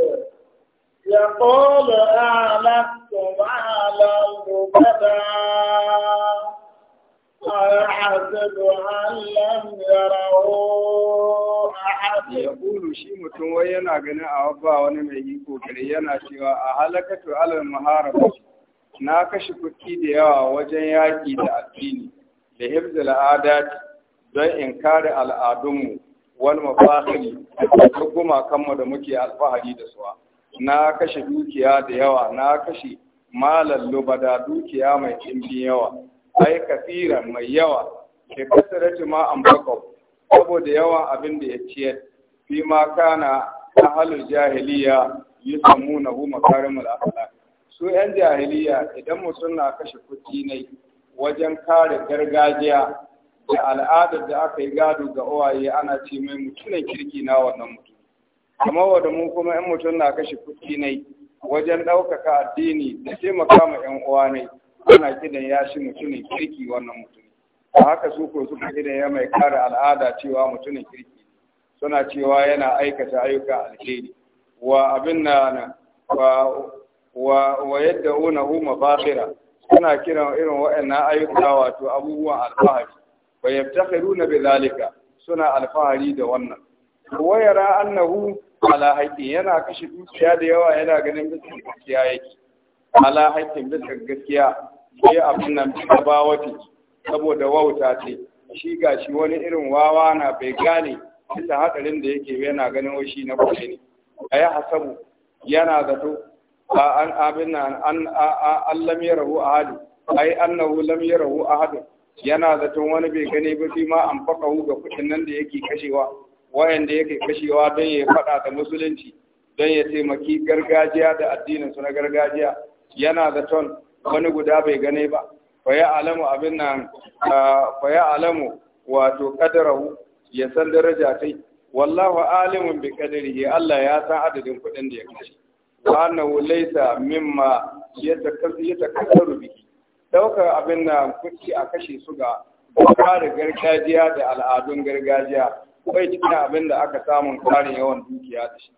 يقول أهلكت مالا مبدا يحسب أن لم يره yana ganin a ba wani mai iko kare yana cewa a halakatu alal muharaba na kashe kuɗi da yawa wajen yaƙi da addini da hibzul adat don in kare al'adunmu wal mafahimi da gumakanmu da muke alfahari da suwa na kashe dukiya da yawa na kashe malallu bada dukiya mai ɗimbin yawa ai kafiran mai yawa ke kasarati ma an bako saboda yawan abin da ya ciye fi ma kana halin jahiliya samu na yusammunahu makarimul akhlaq su yan jahiliya idan mutum na kashe kuɗi ne wajen kare gargajiya da al'adar da aka yi gado ga uwaye ana ce mai mutunan kirki na wannan mutum amma wanda mu kuma yan mutum na kashe kuɗi ne wajen ɗaukaka addini da taimaka ma yan uwa ne ana kidan ya shi mutumin kirki wannan mutum a haka su ko suka ya mai kare al'ada cewa mutumin kirki suna cewa yana aikata ayyuka alheri wa abin na wa yadda una huma suna kiran irin waɗannan ayyuka wato abubuwan alfahari wa yaftakhiruna na zalika suna alfahari da wannan wa yara annahu ala yana kashe dukiya da yawa yana ganin bisa gaskiya yake ala haqqin bisa gaskiya sai abin nan ba wata saboda wauta ce shi ga shi wani irin wawa na bai gane bisa hatsarin da yake yana ganin shi na kwace ne a yi hasabu yana zato a an abin na an lam rahu a hadu ai annahu lam rahu a hadu yana zaton wani bai gane ba fi ma an faka ga kuɗin nan da yake kashewa wayanda yake kashewa don ya faɗa da musulunci don ya taimaki gargajiya da addinin su na gargajiya yana zaton wani guda bai gane ba fa ya alamu abin nan fa alamu wato kadarahu ya san daraja tai wallahu alimun bi kadarihi Allah ya san adadin kuɗin da ya kashe wa annahu laysa mimma yatakassaru bihi daukar abin nan kuɗi a kashe su ga da gargajiya da al'adun gargajiya kai cikin abin da aka samu tsarin yawan dukiya da shi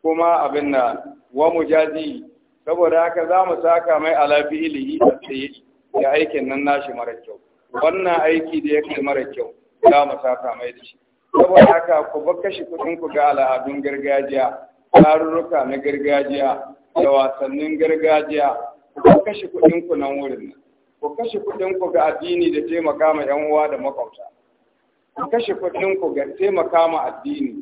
kuma abin nan, wa mujazi saboda haka za mu saka mai alafi ilihi a ya aikin nan nashi mara kyau wannan aiki da yake mara kyau za mu saka mai da shi saboda haka ku bar kashe kuɗin ku ga al'adun gargajiya tarurruka na gargajiya da wasannin gargajiya ku bar kashe kuɗin ku nan wurin nan ku kashe kuɗin ku ga addini da taimaka ma yan uwa da makwabta ku kashe kuɗin ku ga taimaka ma addini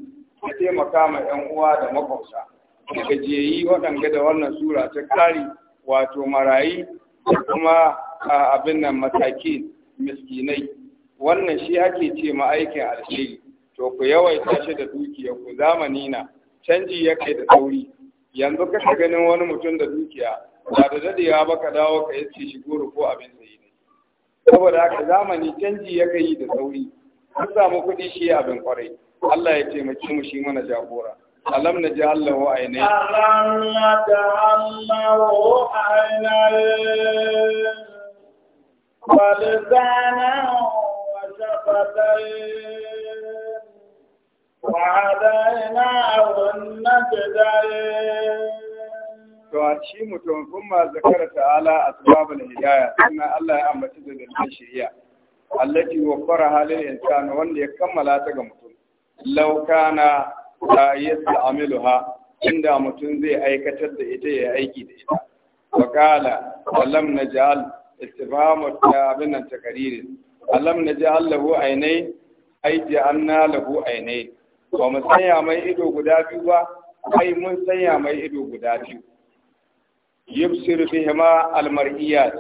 da taimaka ma yan uwa da makwabta Daga jeyi waɗanda da wannan sura ta kari wato marayi da kuma abin nan mataki miskinai wannan shi ake ce ma aikin alheri to ku yawaita shi da dukiya ku zamani na canji ya kai da sauri yanzu kake ganin wani mutum da dukiya ba da dadewa ba ka dawo ka yace shi goro ko abin sayi ne saboda haka zamani canji ya kai da sauri an samu kuɗi shi abin kwarai Allah ya taimake mu shi mana jagora alam na ji Allah wa aine alam na Allah wa aine ولسانا وشفتين وهديناه النجدين to shi mutum kuma zakara ta'ala asbabul Hidaya, sannan Allah ya ambaci da dalilin shari'a allati halin halil insani wanda ya kammala ta ga mutum law kana yasta'miluha inda mutum zai aikatar da ita ya aiki da ita wa qala wa lam naj'al istifamu ta abin nan takariri alam ji allahu aynay ai ja'alna lahu ainai ba mu sanya mai ido guda biyu ba ai mun sanya mai ido guda biyu yubsir bihima almar'iyat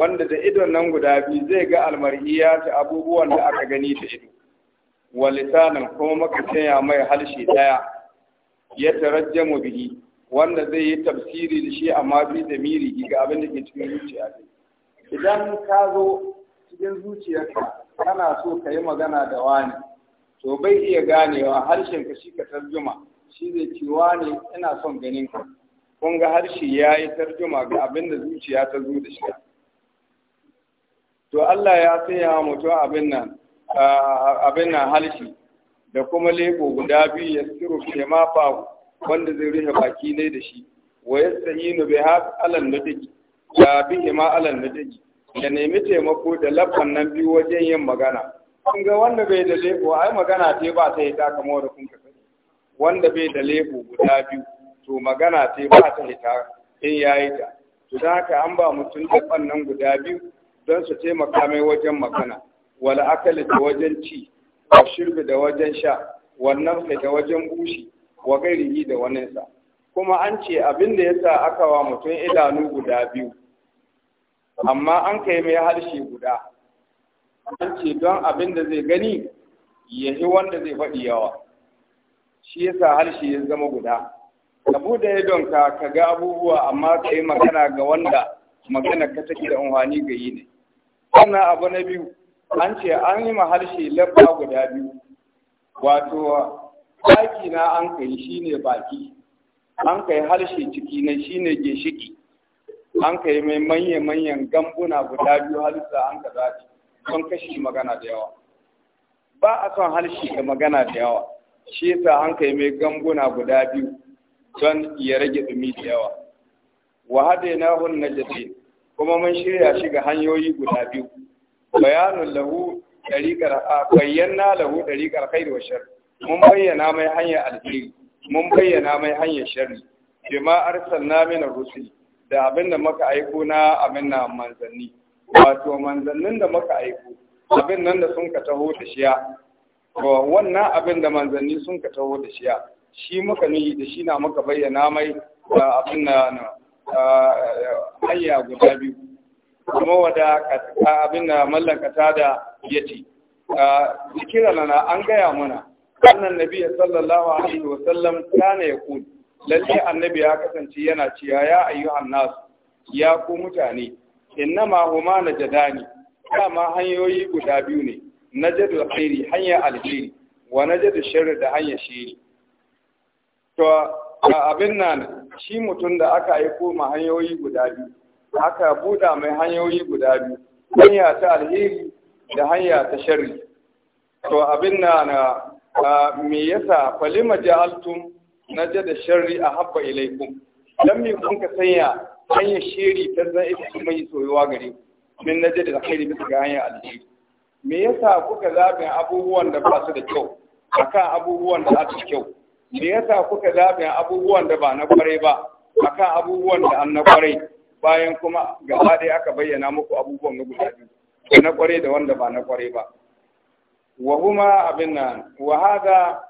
wanda da idon nan guda biyu zai ga almar'iyat abubuwan da aka gani da ido wa kuma maka sanya mai harshe daya ya tarajjamu bihi wanda zai yi tafsiri da shi amma bi da miri ga abin da ke cikin zuciya ne idan ka zo cikin zuciyarka kana so ka yi magana da wani to bai iya ganewa harshen ka shi ka tarjuma shi zai ce wani ina son ganin ka kun ga harshe ya yi tarjuma ga abin da zuciya ta zo da shi to Allah ya sanya wa mutum abin nan abin nan harshe da kuma lebo guda biyu ya siru ke ma wanda zai rufe baki ne da shi wa yastahinu bi haf alan nutiki Ya bihi ma alal nutiki ya nemi taimako da labban nan biyu wajen yin magana kun ga wanda bai da lebo ai magana ce ba ta hita kamar da kun ka wanda bai da lebo guda biyu to magana ce ba ta hita in yayi ta to da haka an ba mutum labban nan guda biyu don su taimaka mai wajen magana wal akali da wajen ci wa shirbi da wajen sha wannan da wajen bushi wa gairihi da waninsa kuma an ce abin da yasa aka wa mutum idanu guda biyu amma an kai mai harshe guda an ce don abin da zai gani ya yi wanda zai faɗi yawa shi yasa harshe ya zama guda ka bude idonka ka ga abubuwa amma ka yi magana ga wanda magana ka take da amfani ga yi ne wannan abu na biyu an ce an yi ma harshe labba guda biyu wato baki na an kai shine baki an kai harshe ciki na shine ginshiki an ka yi mai manya-manyan gambuna guda biyu halitta an ka zaɓi don kashi magana da yawa ba a son halshi da magana da yawa shi yasa an ka yi mai gambuna guda biyu don ya rage dumi da yawa wa na hun na jafe kuma mun shirya shi ga hanyoyi guda biyu bayanun lahu ɗariƙar a bayyana lahu ɗariƙar kai da washar. mun bayyana mai hanyar alheri mun bayyana mai hanyar sharri bima arsalna min rusuli da abin da muka aiko na abin na manzanni wato manzannin da muka aiko abin nan da sun ka taho da shiya wannan abin da manzanni sun ka taho da shiya shi muka nihi da shi na muka bayyana mai abin na hanya guda biyu kuma wada abin da ta da ya ce zikira lana an gaya mana annan nabi sallallahu alaihi wasallam kana ya kuli lalle annabi ya kasance yana cewa ya ayyuhan nasu. ya ku mutane ma huma najadani dama hanyoyi guda biyu ne najadul khairi hanya alheri wa najadul sharri da hanya shiri to abin nan shi mutum da aka aiko ma hanyoyi guda biyu aka buda mai hanyoyi guda biyu hanya ta alheri da hanya ta sharri to abin nan me yasa falima ja'altum na jada sharri a habba ilaikum dan me kun ka sanya hanyar shiri ta zan ita kuma yi soyuwa gare min na jada alkhairi bisa ga hanyar alheri me yasa kuka zaɓin abubuwan da ba su da kyau kan abubuwan da su kyau me yasa kuka zaɓin abubuwan da ba na kwarai ba kan abubuwan da an na kwarai bayan kuma gaba ɗaya aka bayyana muku abubuwan na guda biyu na kwarai da wanda ba na kwarai ba wa huma abin nan wa hada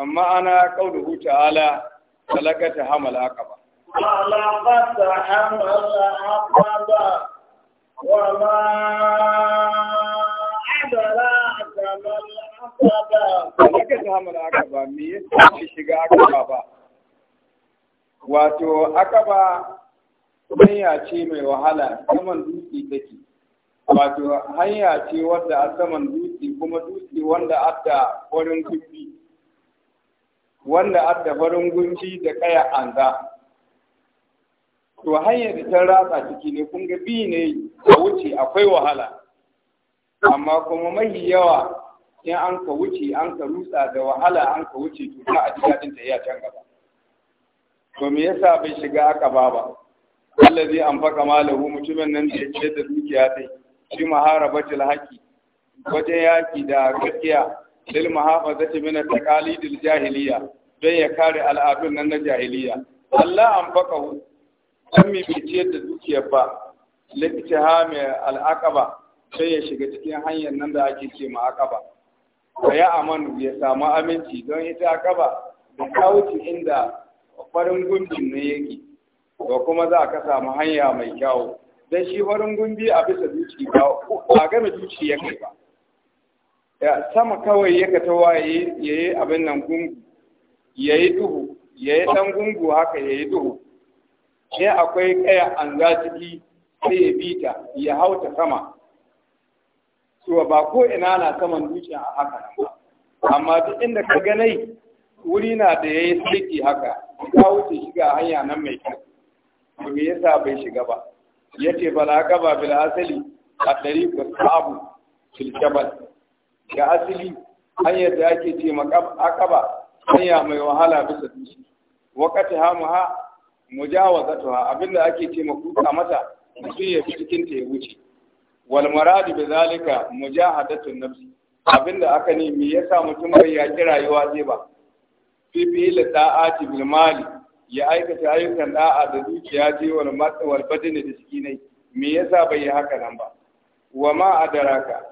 amma ana qauluhu ta'ala talakata hamal aqaba talakata hamal aqaba wa ma adraka mal aqaba talakata hamal aqaba me yake shiga aqaba ba wato aqaba hanya ce mai wahala saman dutse take wato hanya ce wanda a saman dutse kuma dutse wanda a ta wurin kubbi wanda adda farin gunci da kaya anza. to hanyar da ta ratsa ciki ne kun ga bi ne a wuce akwai wahala amma kuma mahi yawa in an ka wuce an ka rutsa da wahala an ka wuce to kuma a ji ta can gaba to me yasa bai shiga aka ba ba Allah zai amfaka malahu mutumin nan da ya ce da dukiya sai shi maharabatul haqi wajen yaki da gaskiya lil muhafazati min taqalidil jahiliya don ya kare al'adun nan na jahiliya Allah an hu dan mi bice da dukiyar ba lakita ha mai al'aqaba sai ya shiga cikin hanyar nan da ake ce ma aqaba wa ya amanu ya samu aminci don ita aqaba da kawuci inda farin gundin ne yake ba kuma za ka samu hanya mai kyau. dan shi farin gundi a bisa zuciya ba a game duci kai ba sama kawai ya katawa ya yi abin nan gungu ya yi duhu ya yi ɗan gungu haka ya yi duhu sai akwai kaya an za ciki sai ya bi ta ya hauta sama to ba ko ina na saman dukiya a haka amma duk inda ka ganai wuri na da ya yi haka ka wuce shiga hanya nan mai kyau to me yasa bai shiga ba yace bala gaba bil asali a dari ko sabu fil jabal Da asali hanyar da ake ce akaba hanya mai wahala bisa dushi wakati ha mu ha abin abinda ake ce kuka mata mutum ya fi cikin ta ya wuce wal maradu bi zalika mujahadatun nafsi abinda aka ne me yasa mutum bai yaki rayuwa ce ba fi bi ta'ati bil mali ya aikata ayyukan da'a da zuciya, ce wal matsa badani da ne me yasa bai yi haka nan ba wa ma adaraka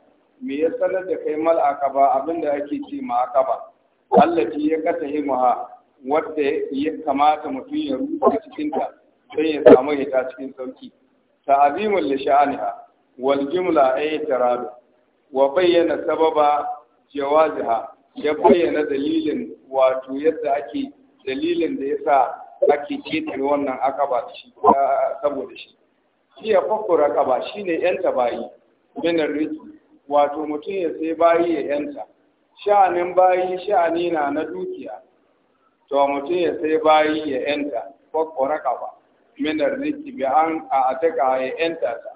me ya sanar da kai mal akaba da ake ce ma akaba allati ya kasa himuha wadda ya kamata mutum ya rufe cikin ta don ya samu hita cikin sauki ta'azimul li sha'aniha wal jumla ay tarad wa bayyana sababa jawaziha ya bayyana dalilin wato yadda ake dalilin da yasa ake ketare wannan akaba shi saboda shi shi ya fakkura kaba shine yan tabayi min riki wato mutum ya sai bayi ya yanta sha'anin bayi sha'ani na na dukiya to mutum ya sai bayi ya yanta ko koraka ba minar riki bi an a ataka ya yanta ta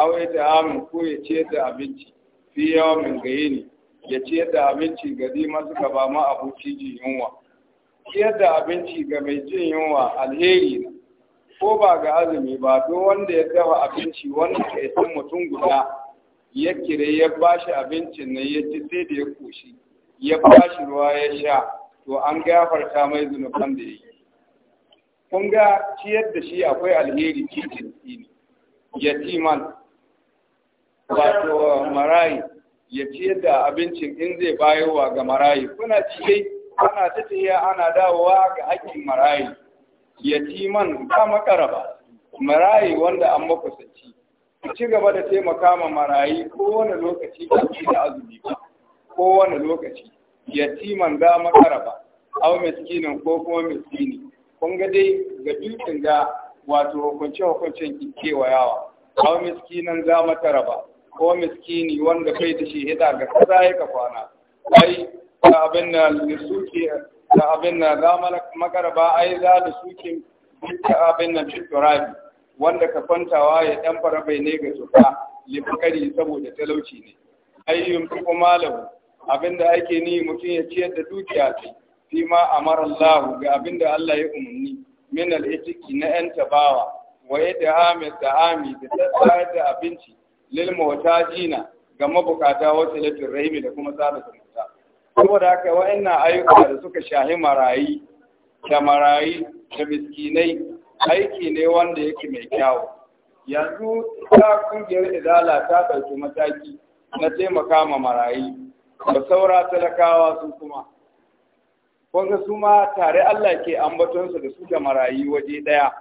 aw ita amin ko ya ce da abinci fi yawmin gayini ya ce da abinci ga di masu gaba ma abuci jin yunwa ciyar da abinci ga mai jin yunwa alheri ko ba ga azumi ba don wanda ya dafa abinci wanda ya san mutum guda ya kire ya bashi abincin nan ya ci sai da ya koshi ya bashi ruwa ya sha to an gafarta mai zunuban da ya yi kun ga ciyar da shi akwai alheri cikin ne yatiman wato marayi ya ciyar da abincin in zai bayowa ga marayi kuna ciye ana ta tafiya ana dawowa ga hakkin marayi yatiman ba makaraba marayi wanda an makusanci ku ci gaba da taimaka ma marayi kowane lokaci ba ki da azumi ba kowane lokaci man ga makara ba au miskinin ko kuma miskini kun ga dai ga dukin ga wato hukunce hukuncen ki kewayawa au miskinin ga makara ba ko miskini wanda kai da shi hida ga kaza ya ka kwana ai abin da suke da abin da za makara ba ai za da suke abin da shi wanda ka kwantawa ya dan fara bai ne ga tuka lifakari saboda talauci ne ayyun tuku abin abinda ake ni mutum ya ciyar da dukiya ce fi ma amara Allah ga abinda Allah ya umarni min al na yan tabawa wa da Ami da ami da abinci lil jina, ga mabukata wata latin rahimi da kuma sada zumunta saboda haka wa'annan ayyuka da suka shahi marayi da marayi da miskinai aiki ne wanda yake mai kyawu yanzu ta kungiyar idala ta ɗauki mataki na taimaka ma marayi da saura talakawa su kuma kun su ma tare Allah ke ambatonsu da su da marayi waje ɗaya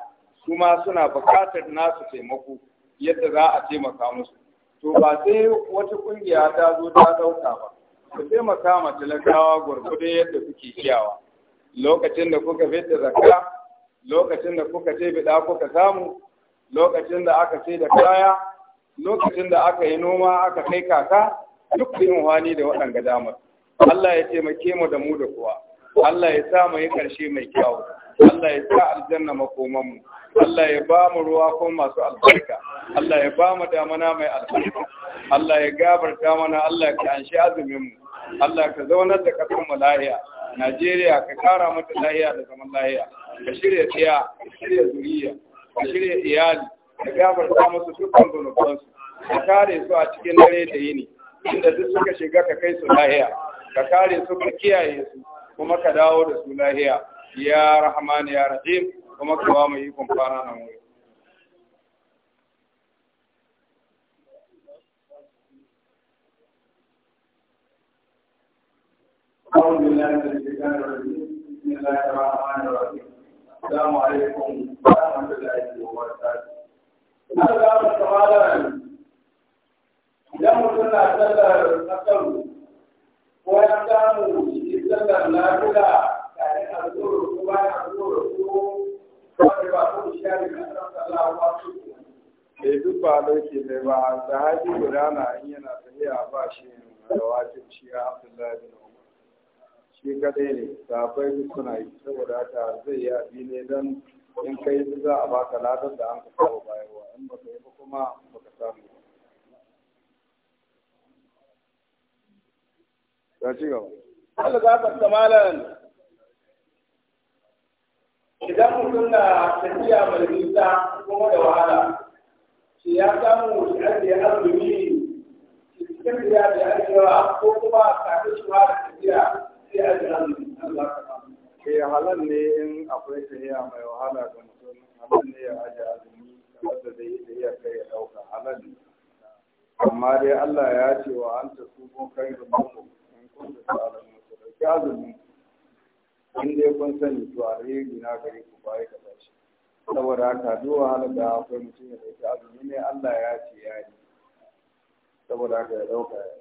su ma suna buƙatar nasu taimako yadda za a taimaka musu to ba sai wata kungiya ta zo ta ɗauka ba ku taimaka ma talakawa gwargwado yadda kuke kiyawa lokacin da kuka fitar zakka lokacin da kuka ce bida kuka samu lokacin da aka ce da kaya lokacin da aka yi noma aka kai kaka duk yin wani da waɗanga damar Allah ya taimake mu da mu da kuwa Allah ya sa mu yi ƙarshe mai kyau Allah ya sa aljanna makoman mu Allah ya ba mu ruwa ko masu albarka Allah ya ba mu damana mai albarka Allah ya gabarta mana Allah ya anshi azumin mu Allah ka zaunar da kasan mu lahiya Najeriya ka kara mata lahiya da zaman lahiya ka shirya tsaya ka shirya zuriya ka shirya iyali ka gafarta musu dukkan zunubansu ka kare su a cikin dare da yini inda duk suka shiga ka kai su lahiya ka kare su ka kiyaye su kuma ka dawo da su lahiya ya rahman ya rahim kuma ka ba mu ikon kwana nan wuri أعوذ بالله من الشيطان الرجيم mutum na lafiya ba ya zuru ba guda na in yana tafiya ba shi yin wajen shi ya Abdullahi ba. shi kadai ne sahabbai duk suna yi saboda haka zai yi abi ne don in kai za a baka ladar da an ka kawo bayarwa in baka yi ba kuma ba ka samu ba ci gaba Allah za ka samalan idan mutum na tafiya mai nisa kuma da wahala shi ya samu shi ake arziki, shi tafiya da ake yawa ko kuma kafin shi ma da tafiya Ke eh, halal ne in akwai tahiya mai wahala ga mutum, halar ne ya aji azumi kamar da zai yi iya kai ya ɗauka halar ne. Amma dai Allah ya ce wa an ta su kun kai da mako in kun da tsarin mutu da ke azumi. In dai kun sani to alheri na gari ku bayi ka tashi. Saboda haka duk wahala da akwai mutum ya ɗauki azumi ne Allah ya ce ya yi. Saboda haka ya ɗauka ya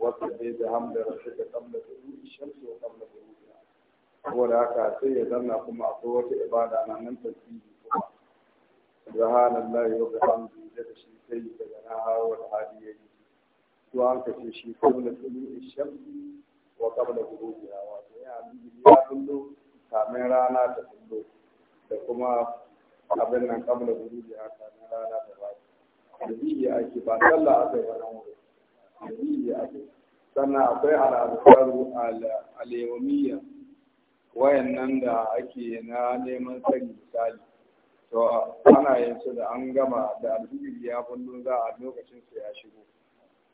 da بحمد ربك قبل طلوع الشمس وقبل غروبها saboda haka sai ya zanna kuma akwai wata ibada na nan tasbihi kuma subhanallahi wa bihamdihi da shi sai daga na hawa da hali yayi to an kace shi qabla tulu'i shamsi wa qabla ghurubiha wa ya bibi ya kullu kamin rana ta kullu da kuma abin nan qabla ghurubiha kamin rana ta ba da bibi ake ba sallah aka yi wannan wuri sannan akwai al'adaru al'ayawamiya wayannan da ake na neman sani misali to ana yin su da an gama da alhuri ya bullo za a lokacin su ya shigo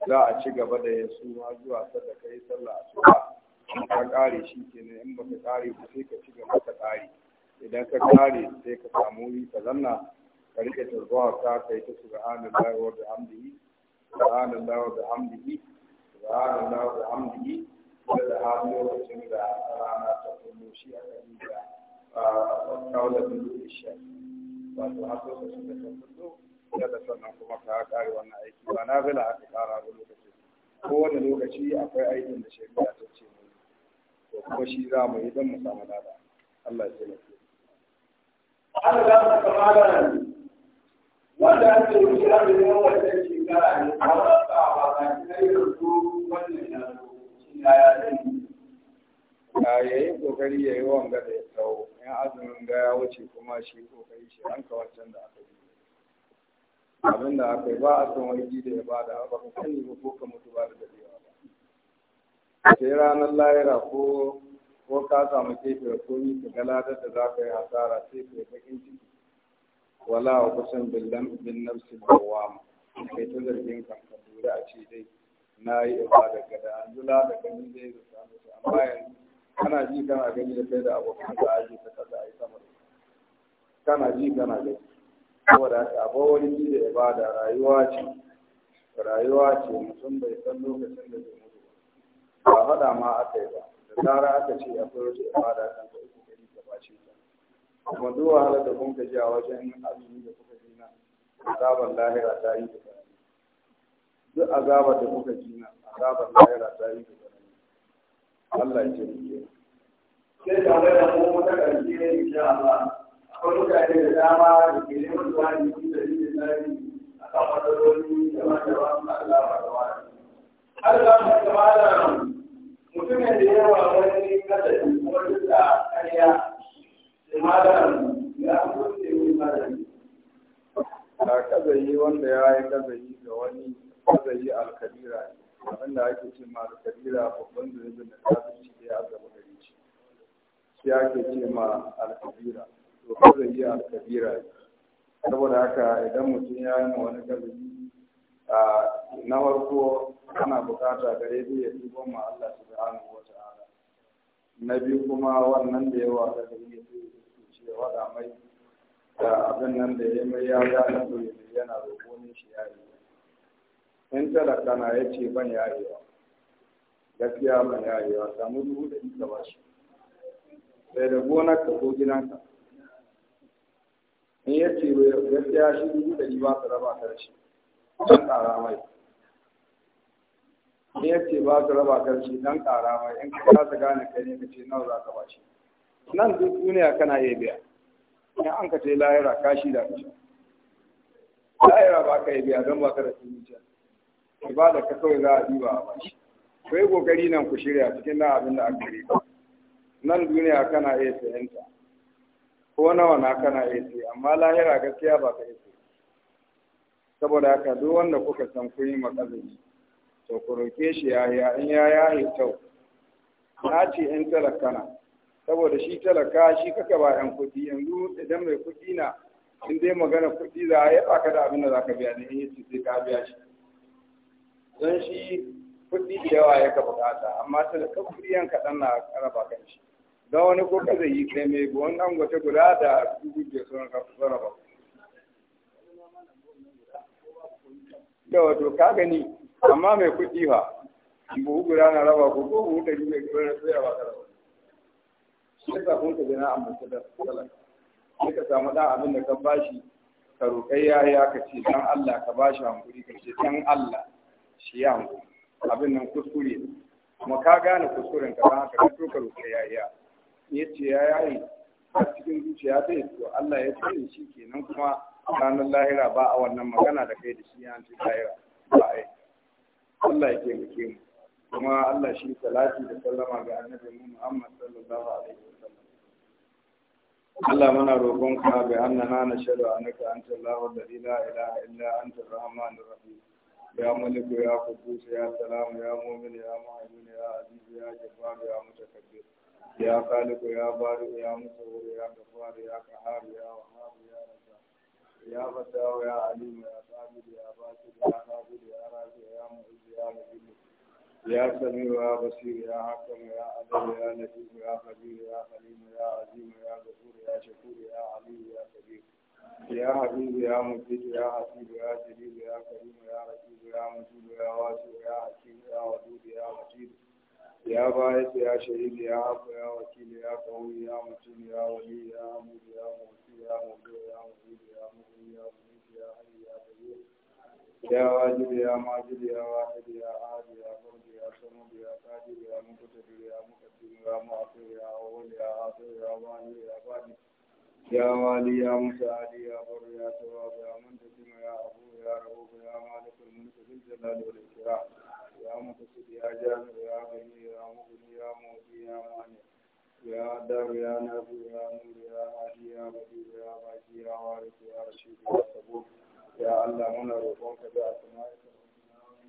za a ci gaba da yin su har zuwa sadda kai sallah asuba ka kare shi kenan in baka kare ku sai ka ci gaba ka kare idan ka kare sai ka samu wuri ka zanna ka rike tarzuwa ka kai ta subhanallahi da bihamdihi سبحان الله وبحمده سبحان الله وبحمده da har lokacin da rana ta kullu shi a kan da kaula wato har lokacin da ta kullu da sannan kuma ka kare wannan aiki ba na bila aka kara ba lokaci kowane lokaci akwai aikin da shari'a ta ce mu to kuma shi za mu yi don mu samu nada Allah ya taimake Allah ya kamala wanda ake wuce a da yawan ya yi kokari ya yi wanga da ya tsawo yan azumin gaya wuce kuma shi kokari shi ranka wancan da aka yi abin da aka yi ba a son wani da ya ba da ba ka sani ba ko ka mutu ba da dadewa ba sai ranar layira ko ko ka samu kefe da komi ka ga da za ka yi hasara sai ka yi bakin ciki wala wa kusan billan bin nafsin dawama kai ta zargin kan ka a ce dai na yi ibada gada an zula da ganin zai da samu su amma yanzu kana ji kana gani da kai da abokan da aji ta kaza a yi sama da kana ji kana gani saboda haka abu wani ji da ibada rayuwa ce rayuwa ce mutum bai san lokacin da zai mutu ba ba faɗa ma aka yi ba da tsara aka ce akwai wata ibada kan ka uku gari ta bashe ta kuma duk wahalar da kun ka ji a wajen azumi da kuka azabar lahira ta yi da gani duk azabar da muka ji na azabar lahira ta yi da gani Allah ya ce mu ke sai da wannan kuma ta karshe insha Allah akwai mutane da dama da ke neman zuwa ne da dalilin lafiya wanda ya yi gazayi ga wani gazayi alkabira abinda ake ce ma alkabira babban zunubin da kafirci da ya zama gari shi shi ake ce ma alkabira to gazayi alkabira saboda haka idan mutum ya yi ma wani gazayi na farko ana bukata da ya ya tuba ma Allah hannu wata ala, na biyu kuma wannan da yawa gazayi ya tuba ce wada mai da abin nan da ya mai ya ga na so yana roƙo ne shi ya yi in talaka na ya ce ban ya yi wa gaskiya ban ya yi wa samu dubu da ita ba shi sai da gonar ka ko gidanka in ya ce gaskiya shi dubu da ba su raba ta shi dan ƙara mai in ya ce ba su raba ta shi dan ƙara mai in ka kasa gane kai ne ka ce nawa za ka ba shi nan duk duniya kana iya biya Ya an ka ce lahira kashi da kashi lahira ba ka yi biya don ba ka da tunisiya ibada ka kawai za a diba a bashi ko yi kokari nan ku shirya cikin nan abin da aka ba nan duniya kana iya sayanta ko nawa na kana iya sayi amma lahira gaskiya ba ka iya sayi saboda haka duk wanda kuka san kun yi makazari to ku roke shi ya yi in ya yi kyau na ce in talakana saboda shi talaka shi kaka ba yan kuɗi yanzu idan mai kuɗi na in dai magana kuɗi za a yi ka da abin da za ka biya ne in yi sai ka biya shi don shi kuɗi da yawa ya ka bukata amma talaka kuɗi yan kaɗan na raba kan shi don wani ko ka zai yi kai mai buwan nan gwata guda da dubu ke sauran ka raba yawa to ka gani amma mai kuɗi fa buhu guda na raba ko ko buhu ɗari ka raba sai ka kun ka gina ambaci da talaka sai ka samu ɗan abin da ka bashi ka roƙai yaya ka ce dan Allah ka bashi hankuri ka ce dan Allah shi ya hankuri abin nan kuskure ne kuma ka gane kuskuren ka ba ka so ka roƙai yaya ya ce yaya ne a cikin zuciya zai to Allah ya ce shi kenan kuma ranar lahira ba a wannan magana da kai da shi ya ce lahira ba a yi Allah ya ke mu kuma Allah shi salati da sallama ga annabi Muhammad sallallahu alaihi wasallam Allah muna roƙonka bi annana nashhadu annaka antal lahu alladhi la ilaha illa anta ar da rahim ya maliku ya qudus ya salam ya mu'min ya mu'min ya aziz ya jabbar ya mutakabbir ya khaliq ya bari ya musawwir ya ghafar ya qahhar ya wahhab ya razzaq ya fatah ya alim ya sabir ya basit ya qadir ya rafi ya ya mu'izz يا سميع يا بصير يا حكم يا عدل يا لطيف يا خبير يا حليم يا عظيم يا غفور يا شكور يا علي يا كبير يا حبيب يا مجيد يا حسيب يا جليل يا كريم يا رشيد يا مجيد يا واسع يا حكيم يا ودود يا مجيد يا باعث يا شهيد يا عفو يا وكيل يا قوي يا متين يا ولي يا عمود يا موسي يا مبدع يا مجيد يا مغني يا منيب يا حي يا قيوم يا واجد يا ماجد يا واحد يا احد يا فرد يا صمد يا قادر يا مقتدر يا مقدم يا مؤخر يا اول يا اخر يا والي يا بادي يا والي يا مساعدي يا بر يا تواب يا منتجم يا ابو يا رؤوف يا مالك الملك ذي الجلال والاكرام يا مقصد يا جامع يا غني يا مغني يا موفي يا مانع يا دار يا نافع يا نور يا هادي يا بديع يا باقي يا وارث يا رشيد يا صبور ya Allah muna roƙonka da asma'ika